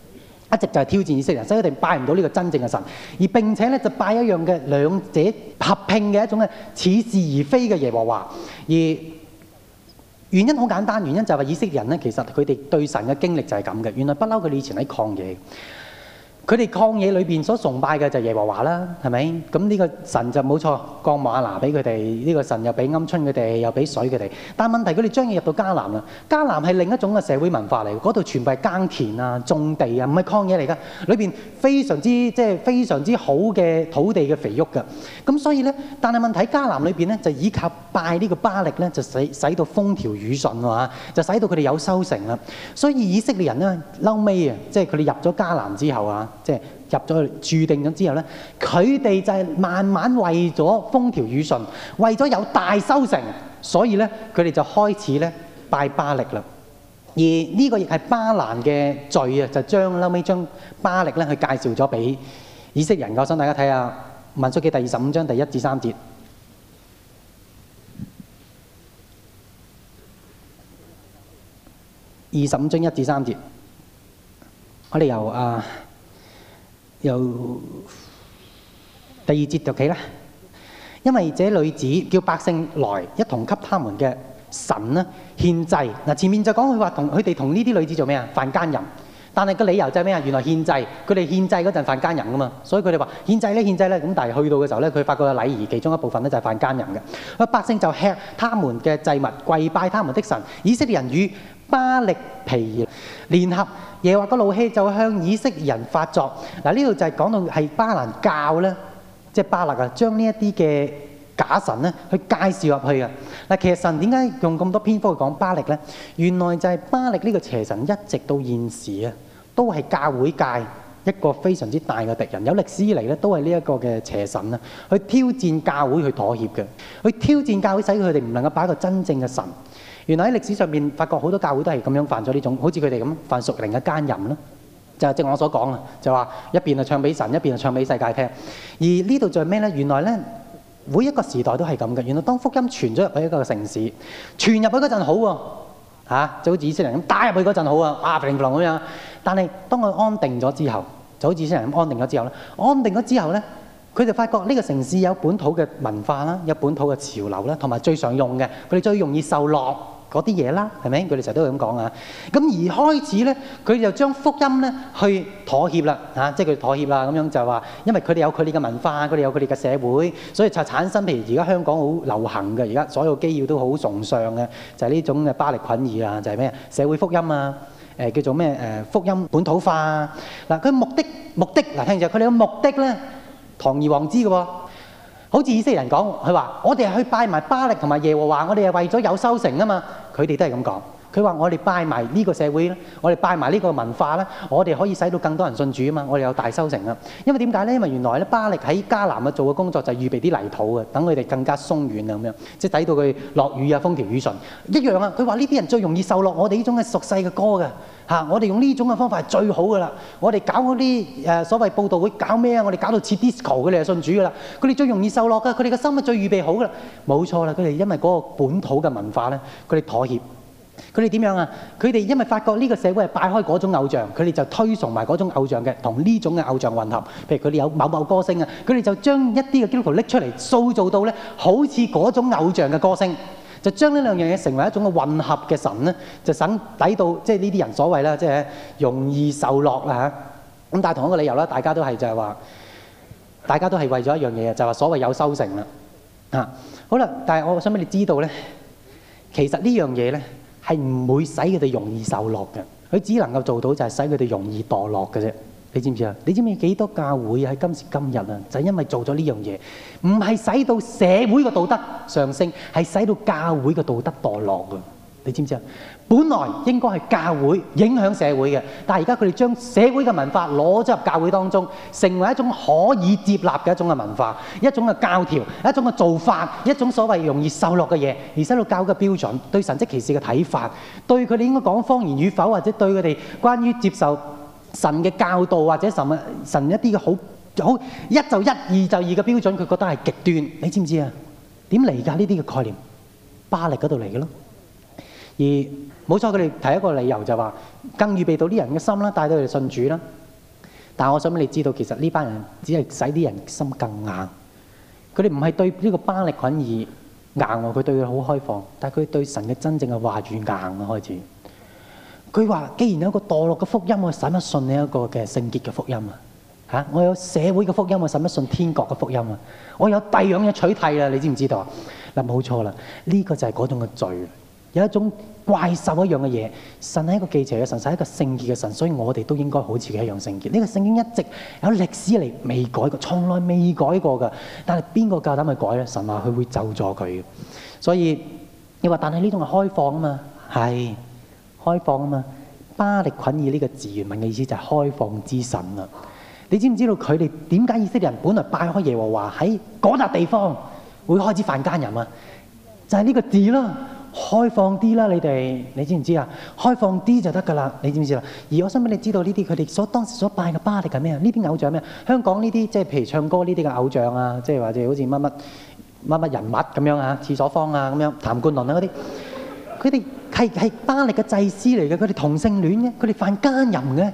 一直就係挑戰以色列人，所以佢哋拜唔到呢個真正嘅神，而並且咧就拜一樣嘅兩者合拼嘅一種咧似是而非嘅耶和華。而原因好簡單，原因就係話以色列人咧其實佢哋對神嘅經歷就係咁嘅，原來不嬲佢哋以前喺曠野。佢哋曠野裏面所崇拜嘅就係耶和華啦，係咪？咁呢個神就冇錯，降馬拿畀佢哋，呢、呢個神又畀鵪鶉佢哋，又畀水佢哋。但問題佢哋將要入到迦南啦，迦南係另一種嘅社會文化嚟，嗰度全部係耕田啊、種地啊，唔係曠野嚟㗎。裏面非常之即係非常之好嘅土地嘅肥沃㗎。咁所以呢，但係問題迦南裏面呢，就依靠拜呢個巴力呢，就使使到風調雨順啊，就使到佢哋有收成啦、啊。所以以色列人呢，嬲尾啊，即係佢哋入咗迦南之後啊。即係入咗去，注定咗之後咧，佢哋就係慢慢為咗風調雨順，為咗有大收成，所以咧佢哋就開始咧拜巴力啦。而呢個亦係巴蘭嘅罪啊，就將後尾將巴力咧去介紹咗俾以色列人。我想大家睇下《民數記》第二十五章第一至三節，二十五章一至三節，我哋由啊。由第二節就企咧，因為這女子叫百姓來一同給他們嘅神咧獻祭。嗱，前面就講佢話同佢哋同呢啲女子做咩啊？犯奸淫。但係個理由就係咩啊？原來獻祭，佢哋獻祭嗰陣犯奸淫㗎嘛，所以佢哋話獻祭咧獻祭咧。咁但係去到嘅時候咧，佢發覺個禮儀其中一部分咧就係犯奸淫嘅。嗰百姓就吃他們嘅祭物，跪拜他們的神。以色列人與巴力、皮爾聯合，耶和華個怒氣就向以色列人發作。嗱，呢度就係講到係巴蘭教咧，即係巴勒啊，將呢一啲嘅假神咧去介紹入去啊。嗱，其實神點解用咁多篇幅去講巴力咧？原來就係巴力呢個邪神，一直到現時啊，都係教會界一個非常之大嘅敵人。有歷史以嚟咧，都係呢一個嘅邪神啊，去挑戰教會去妥協嘅，去挑戰教會，使佢哋唔能夠擺一個真正嘅神。原來喺歷史上面，發覺好多教會都係咁樣犯咗呢種，好似佢哋咁犯屬靈嘅奸淫啦。就係正如我所講啊，就話一邊啊唱俾神，一邊啊唱俾世界聽。而呢度就係咩咧？原來咧，每一個時代都係咁嘅。原來當福音傳咗入去一個城市，傳入去嗰陣好喎嚇，就好似以色列人咁打入去嗰陣好啊，啊唪唪咁樣。但係當佢安定咗之後，就好似以色列人咁安定咗之後咧，安定咗之後咧。佢就發覺呢個城市有本土嘅文化啦，有本土嘅潮流啦，同埋最常用嘅，佢哋最容易受落嗰啲嘢啦，係咪？佢哋成日都會咁講啊。咁而開始呢他佢就將福音呢去妥協啦，嚇、啊，即係佢妥協啦，咁樣就話，因為佢哋有佢哋嘅文化，佢哋有佢哋嘅社會，所以就產生譬如而家香港好流行嘅，而家所有機要都好崇尚嘅，就係、是、呢種巴力菌義啊，就係咩啊？社會福音啊、呃，叫做咩福音本土化啊。嗱，佢目的目的嗱聽住佢哋嘅目的呢。堂而皇之嘅喎，好似以色列人講，佢話我哋係去拜埋巴力同埋耶和華，我哋係為咗有收成啊嘛，佢哋都係咁講。佢話：他說我哋拜埋呢個社會，我哋拜埋呢個文化，我哋可以使到更多人信主嘛！我哋有大收成！因為點解呢？因為原來巴力喺迦南做嘅工作就係預備啲泥土，等佢哋更加鬆軟，咁樣，即係睇到佢落雨啊，風調雨順一樣啊。佢話呢啲人最容易受落，我哋呢種熟悉嘅歌嘅，我哋用呢種嘅方法係最好噶啦。我哋搞嗰啲所謂報道會搞咩？我哋搞到似 disco 嘅嚟信主噶啦。佢哋最容易受落噶，佢哋嘅心啊最預備好噶啦。冇錯啦，佢哋因為嗰個本土嘅文化，佢哋妥協。佢哋點樣啊？佢哋因為發覺呢個社會係拜開嗰種偶像，佢哋就推崇埋嗰種偶像嘅，同呢種嘅偶像混合。譬如佢哋有某某歌星啊，佢哋就將一啲嘅基督徒拎出嚟，塑造到咧好似嗰種偶像嘅歌星，就將呢兩樣嘢成為一種嘅混合嘅神咧，就省抵到即係呢啲人所謂啦，即係容易受落啦嚇。咁但係同一個理由啦，大家都係就係話，大家都係為咗一樣嘢啊，就係話所謂有收成啦。啊，好啦，但係我想俾你知道咧，其實呢樣嘢咧。係唔會使佢哋容易受落嘅，佢只能夠做到就係使佢哋容易墮落嘅啫。你知唔知道？你知唔知幾多教會喺今時今日啊，就係因為做咗呢樣嘢，唔係使到社會嘅道德上升，係使到教會嘅道德墮落㗎。你知唔知啊？本來應該係教會影響社會嘅，但係而家佢哋將社會嘅文化攞咗入教會當中，成為一種可以接納嘅一種嘅文化、一種嘅教條、一種嘅做法、一種所謂容易受落嘅嘢，而使到教會嘅標準、對神蹟奇事嘅睇法、對佢哋應該講方言與否，或者對佢哋關於接受神嘅教導或者神嘅神一啲嘅好好一就一、二就二嘅標準，佢覺得係極端。你知唔知啊？點嚟㗎？呢啲嘅概念，巴力嗰度嚟嘅咯。而冇錯，佢哋提一個理由，就話更預備到啲人嘅心啦，帶到佢哋信主啦。但係我想俾你知道，其實呢班人只係使啲人心更硬。佢哋唔係對呢個巴力菌而硬，佢對佢好開放，但係佢對神嘅真正嘅話語硬啊。開始佢話：既然有一個墮落嘅福音，我使乜信你一個嘅聖潔嘅福音啊？嚇，我有社會嘅福音，我使乜信天國嘅福音啊？我有第二樣嘢取替啦，你知唔知道啊？嗱，冇錯啦，呢個就係嗰種嘅罪。有一種怪獸一樣嘅嘢，神係一個記者嘅神，神係一個聖潔嘅神，所以我哋都應該好似佢一樣聖潔。呢個聖經一直有歷史嚟未改過，從來未改過噶。但係邊個夠膽去改咧？神話佢會咒詛佢。所以你話，但係呢種係開放啊嘛，係開放啊嘛。巴力毗珥呢個字原文嘅意思就係開放之神啦。你知唔知道佢哋點解以色列人本來拜開耶和華喺嗰笪地方會開始犯奸淫啊？就係呢個字啦。開放啲啦，你哋你知唔知啊？開放啲就得噶啦，你知唔知啦？而我想俾你知道呢啲，佢哋所當時所拜嘅巴力係咩啊？呢啲偶像咩？香港呢啲即係譬如唱歌呢啲嘅偶像啊，即係話即好似乜乜乜乜人物咁樣啊，廁所方啊咁樣，譚冠倫啊嗰啲，佢哋係係巴力嘅祭司嚟嘅，佢哋同性戀嘅，佢哋犯奸淫嘅。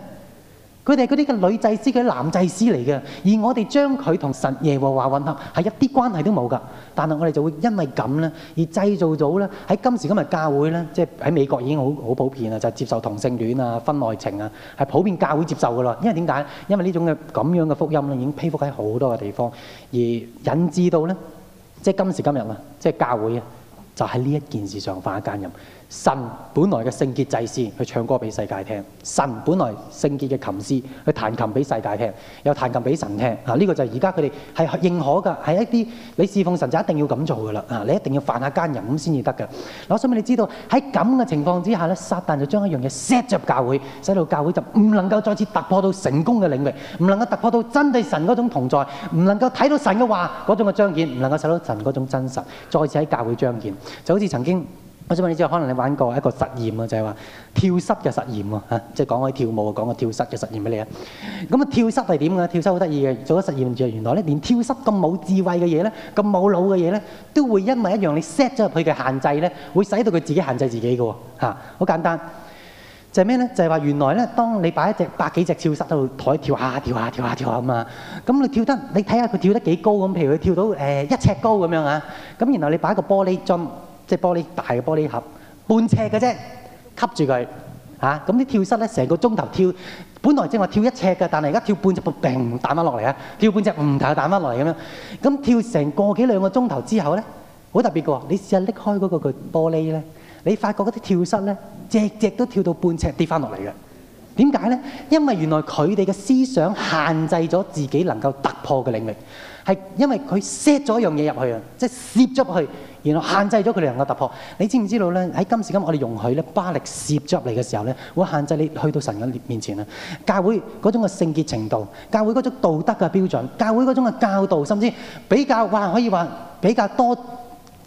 佢哋嗰啲嘅女祭司，佢啲男祭司嚟嘅，而我哋將佢同神耶和華混合，係一啲關係都冇噶。但係我哋就會因為咁咧，而製造咗咧喺今時今日教會咧，即係喺美國已經好好普遍啦，就係接受同性戀啊、婚外情啊，係普遍教會接受噶啦。因為點解？因為呢種嘅咁樣嘅福音咧，已經披覆喺好多嘅地方，而引致到咧，即係今時今日啊，即係教會啊，就喺呢一件事上犯姦淫。神本來嘅聖潔祭司去唱歌俾世界聽，神本來聖潔嘅琴師去彈琴俾世界聽，又彈琴俾神聽。啊，呢、這個就係而家佢哋係認可㗎，係一啲你侍奉神就一定要咁做㗎啦、啊。你一定要犯下奸淫咁先至得㗎。我、啊、想你知道喺咁嘅情況之下撒旦就將一樣嘢錫著教會，使到教會就唔能夠再次突破到成功嘅領域，唔能夠突破到真對神嗰種同在，唔能夠睇到神嘅話嗰種嘅彰顯，唔能夠使到神嗰種真實，再次喺教會彰顯，就好似曾經。我想問你，之後可能你玩過一個實驗啊，就係話跳蚤嘅實驗啊，即係講開跳舞啊，講個跳蚤嘅實驗俾你啊。咁啊，跳蚤係點嘅？跳蚤好得意嘅，做咗實驗之後，原來咧，連跳蚤咁冇智慧嘅嘢咧，咁冇腦嘅嘢咧，都會因為一樣你 set 咗入去嘅限制咧，會使到佢自己限制自己嘅喎嚇。好簡單，就係咩咧？就係話原來咧，當你擺一隻百幾隻跳蚤喺度台跳下跳下跳下跳下咁啊，咁你跳得你睇下佢跳得幾高咁，譬如佢跳到誒一尺高咁樣啊，咁然後你擺個玻璃樽。即係玻璃大嘅玻璃盒，半尺嘅啫，吸住佢吓。咁啲跳蚤咧，成個鐘頭跳，本來正話跳一尺嘅，但係而家跳半隻，砰彈翻落嚟啊！跳半隻唔彈翻落嚟咁樣。咁跳成個幾兩個鐘頭之後咧，好特別嘅喎！你試下拎開嗰個佢玻璃咧，你發覺嗰啲跳蚤咧，隻隻都跳到半尺跌翻落嚟嘅。點解咧？因為原來佢哋嘅思想限制咗自己能夠突破嘅領域，係因為佢塞咗一樣嘢入去啊，即係攝咗入去。然後限制咗佢哋能夠突破。你知唔知道咧？喺今時今日，我哋容許咧巴力攝入嚟嘅時候咧，會限制你去到神嘅面前啊！教會嗰種嘅聖潔程度，教會嗰種道德嘅標準，教會嗰種嘅教導，甚至比較話可以話比較多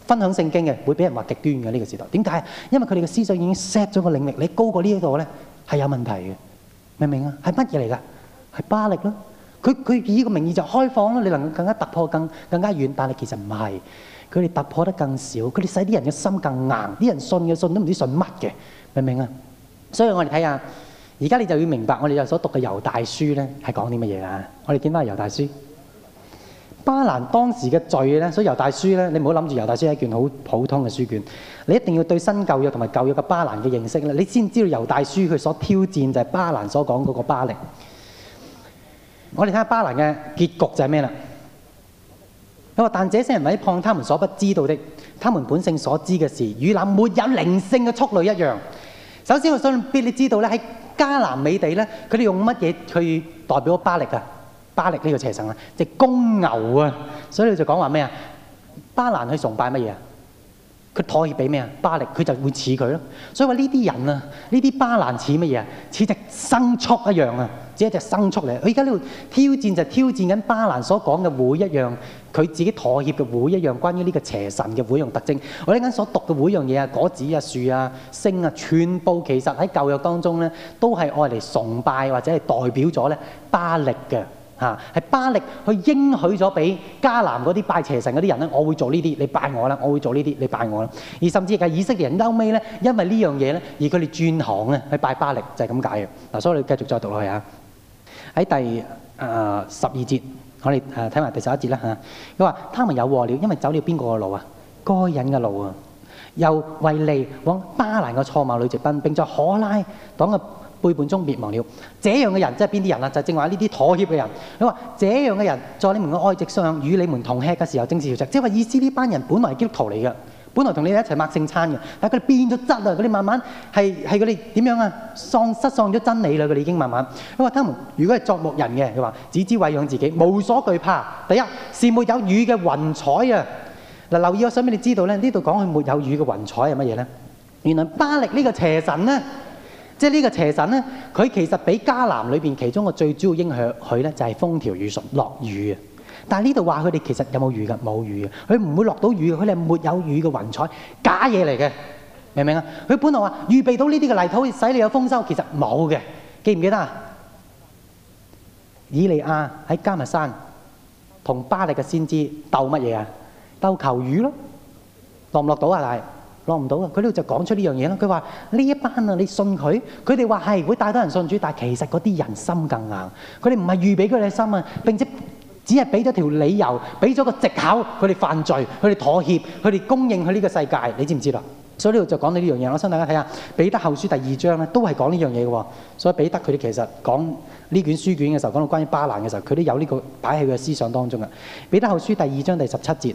分享聖經嘅，會俾人話極端嘅呢個時代。點解啊？因為佢哋嘅思想已經 set 咗個領域，你高過呢一度咧係有問題嘅，明唔明啊？係乜嘢嚟噶？係巴力咯！佢佢以呢個名義就開放啦，你能夠更加突破更、更更加遠，但係其實唔係。佢哋突破得更少，佢哋使啲人嘅心更硬，啲人信嘅信都唔知道信乜嘅，明唔明啊？所以我哋睇下，而家你就要明白我們，我哋所讀嘅《遊大書猶大書》咧，係講啲乜嘢啦？我哋見翻《猶大書》，巴蘭當時嘅罪呢，所以《猶大書》呢，你唔好諗住《猶大書》係一件好普通嘅書卷，你一定要對新舊約同埋舊約嘅巴蘭嘅認識咧，你先知道《猶大書》佢所挑戰就係、是、巴蘭所講嗰個巴力。我哋睇下巴蘭嘅結局就係咩啦？但這些人毀謗他們所不知道的，他們本性所知嘅事，與那沒有靈性嘅畜類一樣。首先，我想俾你知道呢，喺迦南美地呢，佢哋用乜嘢去代表巴力啊？巴力呢個邪神啊，即、就是、公牛啊。所以佢就講話咩啊？巴蘭去崇拜乜嘢？佢妥協俾咩啊？巴力佢就會似佢咯，所以話呢啲人啊，呢啲巴蘭似乜嘢啊？似隻牲畜一樣啊，只一隻牲畜嚟。佢而家呢度挑戰就係、挑戰緊巴蘭所講嘅會一樣，佢自己妥協嘅會一樣，關於呢個邪神嘅會用特徵。我啱啱所讀嘅會用嘢啊，果子啊、樹啊、星啊，全部其實喺舊約當中呢，都係愛嚟崇拜或者係代表咗巴力嘅。嚇，係巴力去應許咗俾迦南嗰啲拜邪神嗰啲人咧，我會做呢啲，你拜我啦；我會做呢啲，你拜我啦。而甚至係以色列人後尾咧，因為呢樣嘢咧，而佢哋轉行啊，去拜巴力就係咁解嘅嗱。所以你繼續再讀落去啊，喺第啊十二節，我哋誒睇埋第十一節啦嚇。佢話：他們有禍了，因為走了邊個嘅路啊？該隱嘅路啊，又為利往巴蘭嘅錯謬裏直奔，並在可拉黨嘅。背叛中滅亡了，這樣嘅人即係邊啲人啊？就正話呢啲妥協嘅人。你話這樣嘅人，在你們嘅愛席上與你們同吃嘅時候，正是礁石。即係話意思呢班人本來係基督徒嚟嘅，本來同你哋一齊擘聖餐嘅，但係佢哋變咗質啦。佢哋慢慢係係佢哋點樣啊？喪失喪咗真理啦。佢哋已經慢慢。佢話：他們如果係作牧人嘅，佢話只知餵養自己，無所懼怕。第一是沒有雨嘅雲彩啊！嗱，留意我想俾你知道咧，呢度講佢沒有雨嘅雲彩係乜嘢咧？原來巴力呢個邪神咧。即係呢個邪神咧，佢其實比迦南裏邊其中個最主要影響佢咧，就係風調雨順落雨啊！但係呢度話佢哋其實有冇雨㗎？冇雨啊！佢唔會落到雨，佢哋係沒有雨嘅雲彩，假嘢嚟嘅，明唔明啊？佢本來話預備到呢啲嘅泥土使你有豐收，其實冇嘅，記唔記得啊？以利亞喺迦密山同巴力嘅先知鬥乜嘢啊？鬥求雨咯，落唔落到啊但係？落唔到嘅，佢呢度就講出呢樣嘢啦。佢話呢一班你信佢，佢哋話係會帶多人信主，但其實嗰啲人心更硬，佢哋唔係預備佢哋心啊，並且只係俾咗條理由，俾咗個藉口，佢哋犯罪，佢哋妥協，佢哋供應佢呢個世界，你知唔知道？所以呢度就講到呢樣嘢。我想大家睇下《彼得後書》第二章咧，都係講呢樣嘢嘅喎。所以彼得佢哋其實講呢卷書卷嘅時候，講到關於巴蘭嘅時候，佢都有呢個擺喺佢嘅思想當中嘅。《彼得後書》第二章第十七節。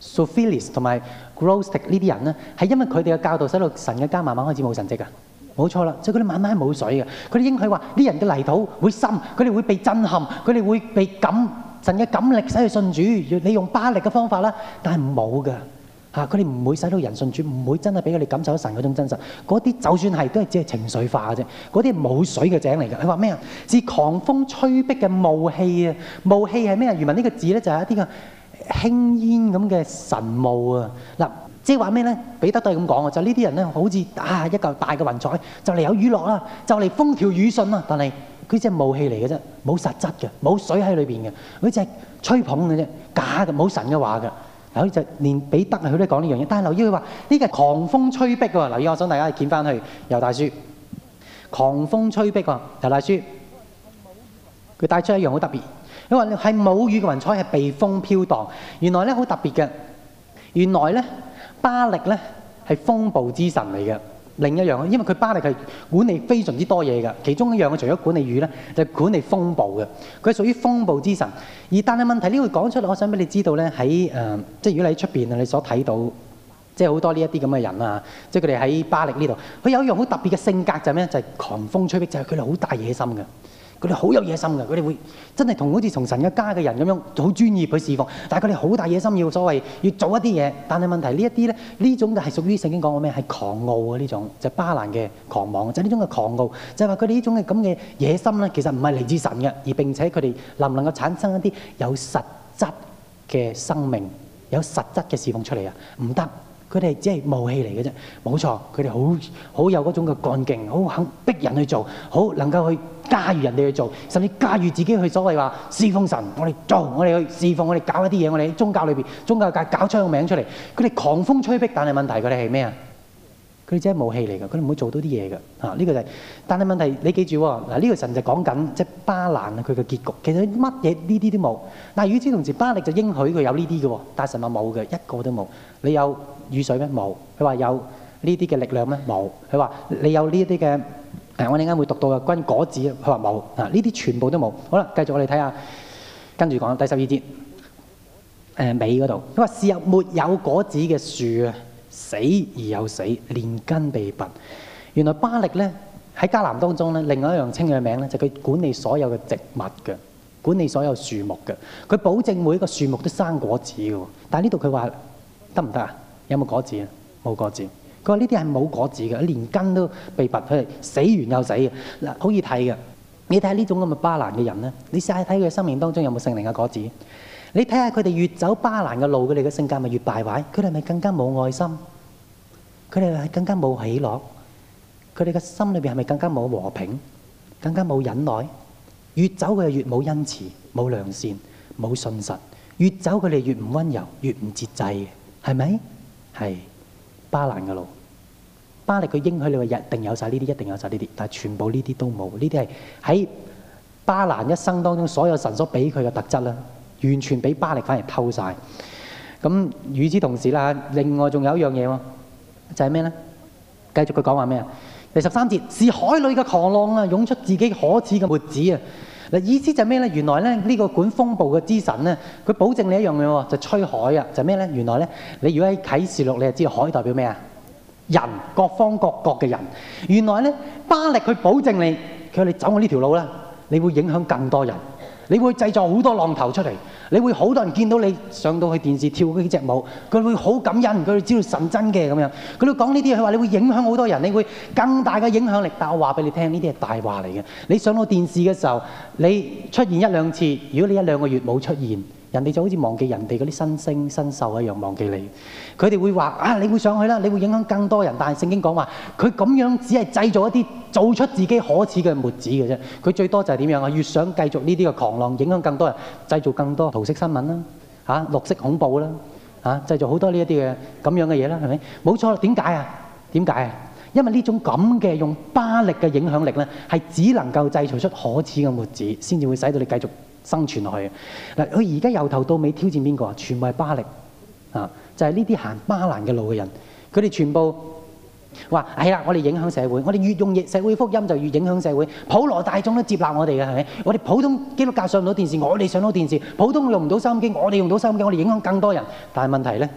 Sophilis 同埋 Grostic 呢啲人咧，係因為佢哋嘅教導，使到神嘅家慢慢開始冇神跡啊！冇錯啦，即係佢哋慢慢冇水嘅。佢哋應佢話，啲人嘅泥土會深，佢哋會被震撼，佢哋會被感神嘅感力使佢信主。你用巴力嘅方法啦，但係冇嘅嚇，佢哋唔會使到人信主，唔會真係俾佢哋感受到神嗰種真實。嗰啲就算係都係只係情緒化嘅啫，嗰啲冇水嘅井嚟嘅。佢話咩啊？是狂風催逼嘅霧氣啊！霧氣係咩啊？原文呢個字咧就係、是、一啲嘅。輕煙咁嘅神霧啊！嗱，即係話咩呢？彼得都係咁講嘅，就呢啲人好似啊一個大嘅雲彩，就嚟有雨落啦，就嚟風調雨順啦。但係佢只係霧氣嚟嘅啫，冇實質嘅，冇水喺裏面嘅，佢只係吹捧嘅啫，假嘅，冇神嘅話嘅。然後就連彼得啊，佢都講呢樣嘢。但係留意佢話呢個係狂風吹逼嘅喎。留意，我想大家見翻去猶大書，狂風吹逼啊！猶大書，佢帶出一樣好特別。你話你係冇雨嘅雲彩，係被風飄蕩，原來咧好特別嘅。原來咧巴力咧係風暴之神嚟嘅。另一樣，因為佢巴力係管理非常之多嘢嘅。其中一樣嘅，佢除咗管理雨咧，就係、是、管理風暴嘅。佢係屬於風暴之神。而但係問題呢個講出嚟，我想俾你知道咧，喺誒、呃，即係如果你喺出邊啊，你所睇到，即係好多呢一啲咁嘅人啊，即係佢哋喺巴力呢度，佢有一樣好特別嘅性格就係咩？就係、是、狂風吹逼，就係佢哋好大野心嘅。佢哋好有野心嘅，佢哋會真係同好似從神嘅家嘅人咁樣好專業去侍奉，但係佢哋好大野心要，要所謂要做一啲嘢。但係問題係呢一啲咧，呢種就係屬於聖經講過咩？係狂傲啊。呢種，就係、巴蘭嘅狂妄，就係呢種嘅狂傲，就係話佢哋呢種嘅咁嘅野心咧，其實唔係嚟自神嘅，而並且佢哋能唔能夠產生一啲有實質嘅生命，有實質嘅侍奉出嚟啊？唔得。佢哋只係武器嚟嘅啫，冇錯。佢哋好好有嗰種嘅幹勁，好肯逼人去做，好能夠去駕馭人哋去做，甚至駕馭自己去所謂話侍奉神。我哋做，我哋去侍奉，我哋搞一啲嘢，我哋喺宗教裏邊，宗教界搞出一個名出嚟。佢哋狂風吹逼，但係問題佢哋係咩啊？佢哋只係武器嚟嘅，佢哋唔會做到啲嘢嘅。啊，呢個就係，但係問題你記住嗱，呢個神就講緊即係巴蘭佢嘅結局，其實乜嘢呢啲都冇。但係與此同時，巴力就應許佢有呢啲嘅，但神話冇嘅，一個都冇。你有？雨水咩？冇。佢話有呢啲嘅力量咩？冇。佢話你有呢啲嘅，誒、啊、我點解會讀到嘅關於果子，佢話冇。啊，呢啲全部都冇。好啦，繼續我哋睇下，跟住講第十二節誒，尾嗰度。佢話試入沒有果子嘅樹啊，死而有死，連根被拔。原來巴力咧喺迦南當中咧，另外一樣稱嘅名咧，就佢、是、管理所有嘅植物嘅，管理所有樹木嘅。佢保證每一個樹木都生果子嘅。但係呢度佢話得唔得啊？行有冇果子啊？冇果子。佢話：呢啲係冇果子嘅，連根都被拔，佢哋死完又死嘅嗱，好易睇嘅。你睇下呢種咁嘅巴蘭嘅人咧，你試下睇佢生命當中有冇聖靈嘅果子。你睇下佢哋越走巴蘭嘅路，佢哋嘅性格咪越敗壞？佢哋咪更加冇愛心？佢哋咪更加冇喜樂？佢哋嘅心裏邊係咪更加冇和平？更加冇忍耐？越走佢哋越冇恩慈、冇良善、冇信實。越走佢哋越唔温柔、越唔節制嘅，係咪？係巴蘭嘅路，巴力佢應許你話，一定有晒呢啲，一定有晒呢啲，但係全部呢啲都冇，呢啲係喺巴蘭一生當中所有神所俾佢嘅特質啦，完全俾巴力反而偷晒。咁與此同時啦，另外仲有一樣嘢喎，就係、是、咩呢？繼續佢講話咩啊？第十三節，是海裏嘅狂浪啊，湧出自己可恥嘅沫子啊！意思就咩咧？原來呢，呢、呢個管風暴嘅之神呢，佢保證你一樣嘅喎，就是、吹海啊！就咩、是、咧？原來呢，你如果喺啟示錄，你就知道海代表咩啊？人各方各國嘅人。原來呢，巴力佢保證你，佢話你走我呢條路啦，你會影響更多人，你會製造好多浪頭出嚟。你會好多人見到你上到去電視跳嗰幾隻舞，佢會好感恩，佢會知道神真嘅咁樣。佢會講呢啲，佢話你會影響好多人，你會更大嘅影響力。但我話俾你聽，呢啲係大話嚟嘅。你上到電視嘅時候，你出現一兩次，如果你一兩個月冇出現。人哋就好似忘記人哋嗰啲新星新秀一樣忘記你，佢哋會話啊，你會上去啦，你會影響更多人。但係聖經講話，佢咁樣只係製造一啲做出自己可恥嘅末子嘅啫。佢最多就係點樣呀？越想繼續呢啲嘅狂浪，影響更多人，製造更多桃色新聞啦、啊，綠色恐怖啦，嚇、啊、製造好多呢一啲嘅咁樣嘅嘢啦，係咪？冇錯，點解啊？點解啊？因為呢種咁嘅用巴力嘅影響力呢，係只能夠製造出可恥嘅末子，先至會使到你繼續，生存落去嗱，佢而家由頭到尾挑戰邊個啊？全部係巴力啊！就係呢啲行巴蘭嘅路嘅人，佢哋全部話：係啦，我哋影響社會，我哋越用熱社會福音就越影響社會，普羅大眾都接納我哋嘅，係咪？我哋普通基督教上唔到電視，我哋上到電視；普通用唔到收音機，我哋用到收音機，我哋影響更多人。但係問題咧？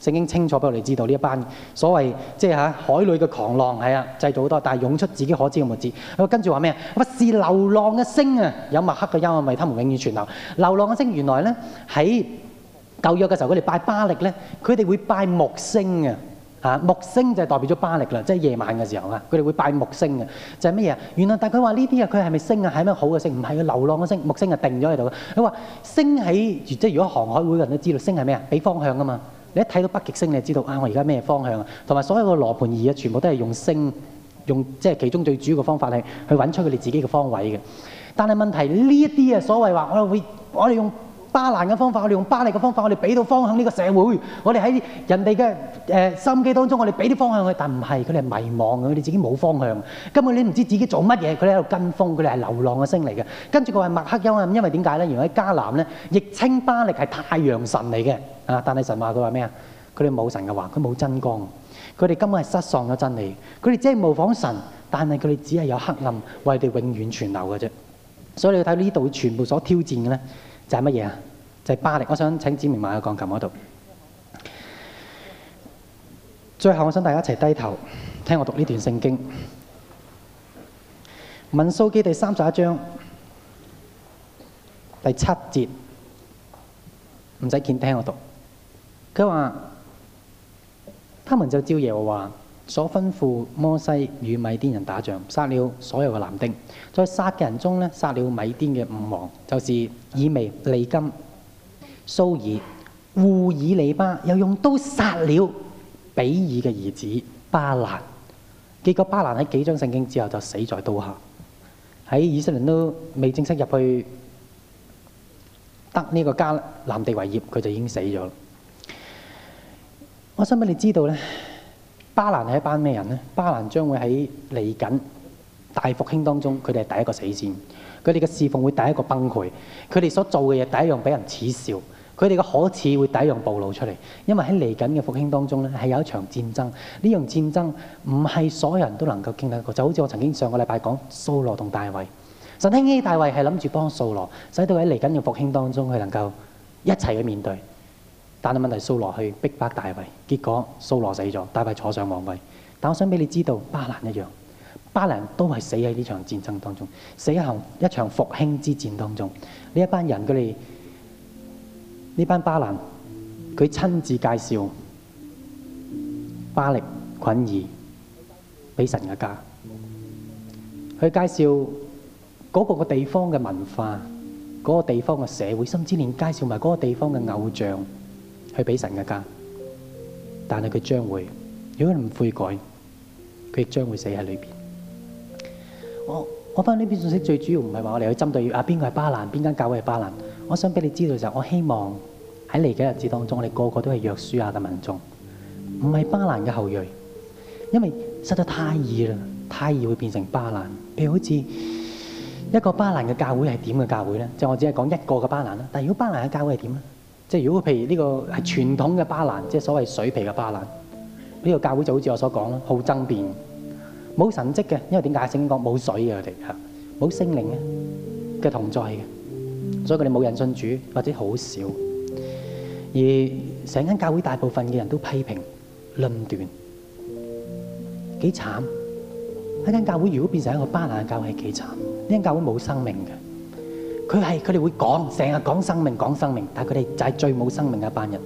聖經清楚俾我哋知道呢一班所謂，即係嚇海裡嘅狂浪，係啊，製造好多，但係湧出自己可知嘅物質。佢跟住話咩啊？不是流浪嘅星啊，有墨黑嘅幽暗為他們永遠存留。流浪嘅星，原來咧，喺舊約嘅時候，佢哋拜巴力咧，佢哋會拜木星嘅、啊、嚇、啊。木星就係代表咗巴力啦，即、就、係、是、夜晚嘅時候啊，佢哋會拜木星嘅、啊、就係乜嘢啊？原來但係佢話呢啲啊，佢係咪星啊？係咩好嘅星？唔係，佢流浪嘅星，木星啊，定咗喺度嘅。佢話星喺，即係如果航海會嘅人都知道星係咩啊？俾方向㗎嘛。你一睇到北極星，你就知道啊！我而家咩方向啊？同埋所有個羅盤儀啊，全部都係用星，用即係其中最主要嘅方法係去揾出佢哋自己嘅方位嘅。但係問題呢一啲啊，所謂話我哋會，我哋用。巴蘭嘅方法，我哋用巴力嘅方法，我哋俾到方向呢個社會。我哋喺人哋嘅誒心機當中，我哋俾啲方向去，但唔係佢哋係迷茫嘅，佢哋自己冇方向。根本你唔知自己做乜嘢，佢哋喺度跟風，佢哋係流浪嘅星嚟嘅。跟住佢話麥克幽暗，因為點解咧？原來喺迦南咧，亦稱巴力係太陽神嚟嘅啊！但係神話佢話咩啊？佢哋冇神嘅話，佢冇真光，佢哋根本係失喪咗真理。佢哋只係模仿神，但係佢哋只係有黑暗為佢永遠存留嘅啫。所以你睇呢度全部所挑戰嘅咧。就係乜嘢就係、是、巴力，我想請子明買去鋼琴嗰度。最後，我想大家一齊低頭，聽我讀呢段聖經。民數記第三十一章第七節，唔使見聽我讀。佢話：他們就照耶和華我說所吩咐摩西與米甸人打仗，殺了所有嘅男丁，在殺嘅人中呢，殺了米甸嘅五王，就是以未、利金、蘇爾、戶爾尼巴，又用刀殺了比爾嘅兒子巴蘭。結果巴蘭喺幾章聖經之後就死在刀下。喺以色列都未正式入去得呢個迦南地為業，佢就已經死咗。我想俾你知道呢。巴蘭係一班咩人呢？巴蘭將會喺嚟緊大復興當中，佢哋係第一個死戰。佢哋嘅侍奉會第一個崩潰，佢哋所做嘅嘢第一樣俾人恥笑，佢哋嘅可恥會第一樣暴露出嚟。因為喺嚟緊嘅復興當中咧，係有一場戰爭。呢樣戰爭唔係所有人都能夠經歷過。就好似我曾經上個禮拜講，掃羅同大衛，神興起大衛係諗住幫掃羅，使到喺嚟緊嘅復興當中，佢能夠一齊去面對。但係問題，蘇羅去逼迫大衛，結果蘇羅死咗，大衞坐上王位。但我想俾你知道，巴蘭一樣，巴蘭都係死喺呢場戰爭當中，死喺一場復興之戰當中。呢一班人，佢哋呢班巴蘭，佢親自介紹巴力菌兒俾神嘅家，佢介紹嗰個地方嘅文化，嗰個地方嘅社會，甚至連介紹埋嗰個地方嘅偶像，去俾神嘅家，但係佢將會，如果唔悔改，佢亦將會死喺裏邊。我我翻呢邊信息最主要唔係話我哋去針對啊邊個係巴蘭，邊間教會係巴蘭。我想俾你知道就係，我希望喺嚟嘅日子當中，我哋個個都係約書亞嘅民眾，唔係巴蘭嘅後裔，因為實在太易啦，太易會變成巴蘭。譬如好似一個巴蘭嘅教會係點嘅教會咧？即係我只係講一個嘅巴蘭啦。但係如果巴蘭嘅教會係點咧？即係如果譬如呢個係傳統嘅巴蘭，即係所謂水皮嘅巴蘭，呢、這個教會就好似我所講啦，好爭辯，冇神蹟嘅，因為點解？聖國冇水嘅，我哋嚇冇聖靈嘅，嘅同在嘅，所以佢哋冇人信主或者好少。而成間教會大部分嘅人都批評、論斷，幾慘！一間教會如果變成一個巴蘭嘅教會係幾慘？呢間教會冇生命嘅。佢係佢哋會講，成日講生命，講生命，但係佢哋就係最冇生命嘅班人。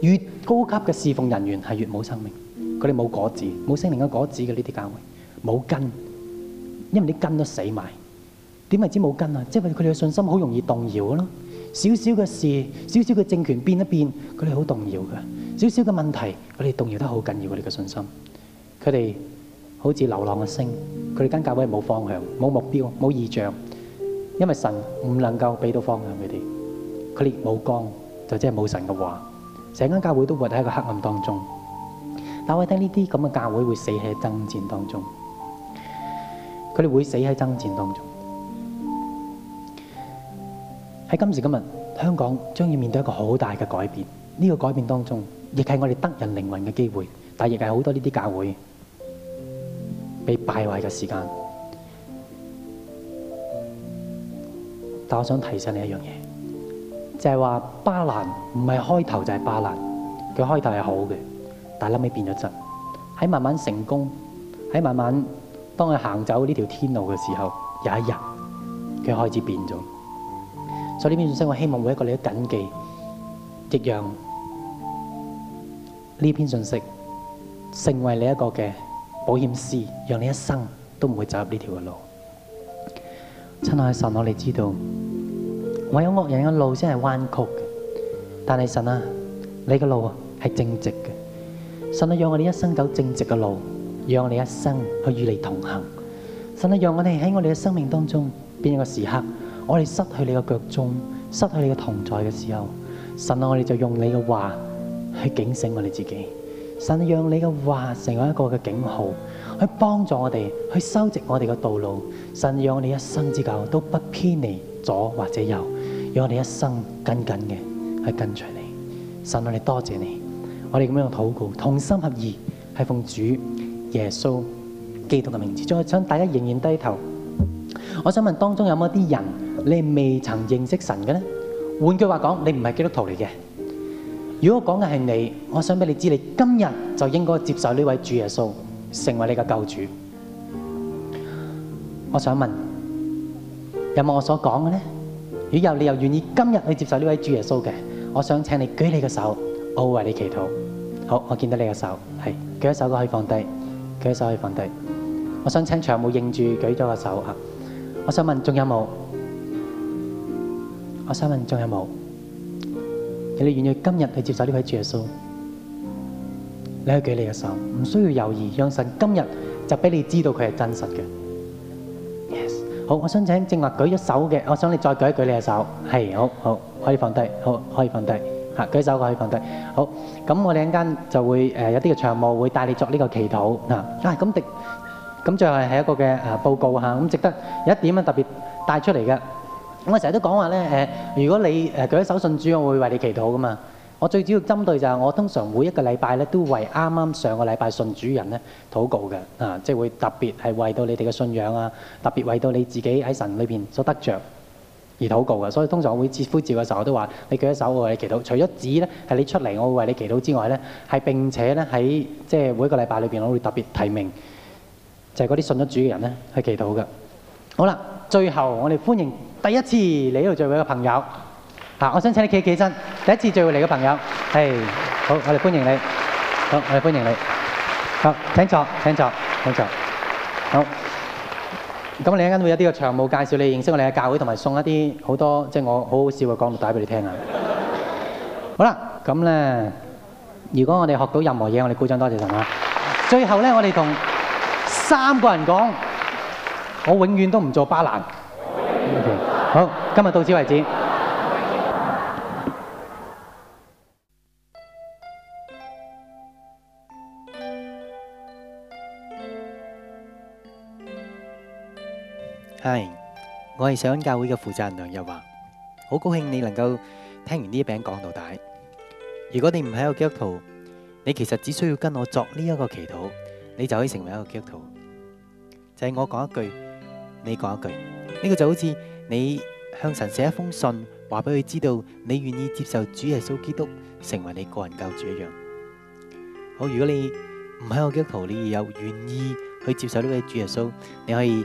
越高級嘅侍奉人員係越冇生命，佢哋冇果子，冇生命嘅果子嘅。呢啲教會冇根，因為啲根都死埋。點為之冇根啊？即係佢哋嘅信心好容易動搖咯。少少嘅事，少少嘅政權變一變，佢哋好動搖嘅。少少嘅問題，佢哋動搖得好緊要啊！佢哋嘅信心，佢哋好似流浪嘅星，佢哋間教會冇方向，冇目標，冇意象。因為神唔能夠俾到方向佢哋，佢哋冇光，就即係冇神嘅話，成間教會都活喺個黑暗當中。但我睇呢啲咁嘅教會會死喺爭戰當中，佢哋會死喺爭戰當中。喺今時今日，香港將要面對一個好大嘅改變，呢個改變當中，亦係我哋得人靈魂嘅機會，但亦係好多呢啲教會被敗壞嘅時間。但我想提醒你一樣嘢，就係話巴蘭唔係開頭就係巴蘭，佢開頭係好嘅，但係後尾變咗質。喺慢慢成功，喺慢慢當佢行走呢條天路嘅時候，有一日佢開始變咗。所以呢篇信息我希望每一個你都緊記，亦讓呢篇信息成為你一個嘅保險師，讓你一生都唔會走入呢條嘅路。親愛的神，我哋知道，唯有惡人嘅路先係彎曲嘅，但係神啊，你嘅路係正直嘅。神啊，讓我哋一生走正直嘅路，讓我哋一生去與你同行。神啊，讓我哋喺我哋嘅生命當中，邊一個時刻，我哋失去你嘅腳蹤，失去你嘅同在嘅時候，神啊，我哋就用你嘅話去警醒我哋自己。神啊，讓你嘅話成為一個嘅警號。去幫助我哋，去修直我哋嘅道路。神，讓我哋一生之久都不偏離左或者右，讓我哋一生緊緊嘅去跟隨你。神，我哋多謝你。我哋咁樣嘅禱告，同心合意，係奉主耶穌基督嘅名字。再請大家仍然低頭。我想問當中有冇一啲人你未曾認識神嘅呢？換句話講，你唔係基督徒嚟嘅。如果我講嘅係你，我想俾你知，你今日就應該接受呢位主耶穌。成為你嘅救主，我想問有冇我所講嘅呢？如果有，你又願意今日去接受呢位主耶穌嘅？我想請你舉你嘅手，我會為你祈禱。好，我見到你嘅手，係舉一手嘅可以放低，舉一手可以放低。我想請長毛應住舉咗個手啊！我想問仲有冇？我想問仲有冇？你哋願意今日去接受呢位主耶穌？你去舉你嘅手，唔需要猶豫，讓神今日就俾你知道佢係真實嘅。Yes，好，我想請正話舉咗手嘅，我想你再舉一舉你嘅手。係，好好可以放低，好可以放低，嚇舉手嘅可以放低。好，咁我哋陣間就會誒有啲嘅場務會帶你作呢個祈禱嗱。啊，咁值，咁最後係一個嘅誒報告嚇，咁值得有一點啊特別帶出嚟嘅。我成日都講話咧誒，如果你誒舉咗手信主，我會為你祈禱㗎嘛。我最主要針對就係我通常每一個禮拜咧，都為啱啱上個禮拜信主人咧禱告嘅，啊，即係會特別係為到你哋嘅信仰啊，特別為到你自己喺神裏邊所得着而禱告嘅。所以通常我每次呼召嘅時候，我都話：你舉一手，我為你祈禱。除咗指咧係你出嚟，我為你祈禱之外咧，係並且咧喺即係每一個禮拜裏邊，我會特別提名就係嗰啲信咗主嘅人咧去禱告嘅。好啦，最後我哋歡迎第一次嚟呢度聚會嘅朋友。啊！我想請你企起身，第一次聚會嚟嘅朋友，係、hey, 好，我哋歡迎你，好，我哋歡迎你，好，請坐，請坐，請坐。好。咁我哋一陣會有啲嘅場務介紹你認識我哋嘅教會，同埋送一啲好多即係我好好笑嘅講錄帶俾你聽啊！好啦，咁咧，如果我哋學到任何嘢，我哋鼓掌多謝神啊！最後咧，我哋同三個人講，我永遠都唔做巴蘭。Okay, 好，今日到此為止。係，我係社恩教會嘅負責人梁日華，好高興你能夠聽完呢一餅講到底。如果你唔喺個基督徒，你其實只需要跟我作呢一個祈禱，你就可以成為一個基督徒。就係我講一句，你講一句，呢個就好似你向神寫一封信，話俾佢知道你願意接受主耶穌基督成為你個人救主一樣。好，如果你唔喺個基督徒，你又願意去接受呢位主耶穌，你可以。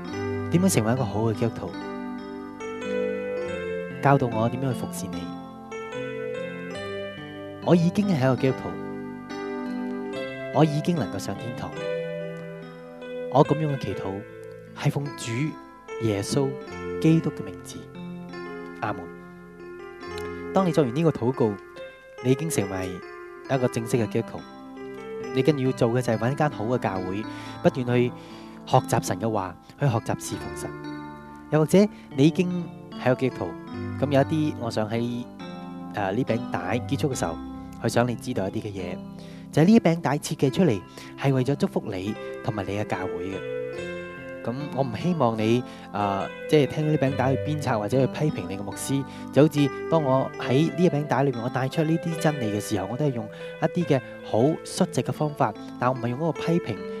點樣成為一個好嘅基督徒？教導我點樣去服侍你？我已經係一個基督徒，我已經能夠上天堂。我咁樣嘅祈禱係奉主耶穌基督嘅名字，阿門。當你作完呢個禱告，你已經成為一個正式嘅基督徒。你更要做嘅就係揾一間好嘅教會，不斷去。學習神嘅話，去學習侍奉神。又或者你已經喺個基督徒，咁有一啲，我想喺誒呢餅帶結束嘅時候，去想你知道一啲嘅嘢，就係呢餅帶設計出嚟係為咗祝福你同埋你嘅教會嘅。咁我唔希望你誒，即係聽到呢餅帶去鞭策或者去批評你嘅牧師，就好似當我喺呢一餅帶裏面，我帶出呢啲真理嘅時候，我都係用一啲嘅好率直嘅方法，但係我唔係用嗰個批評。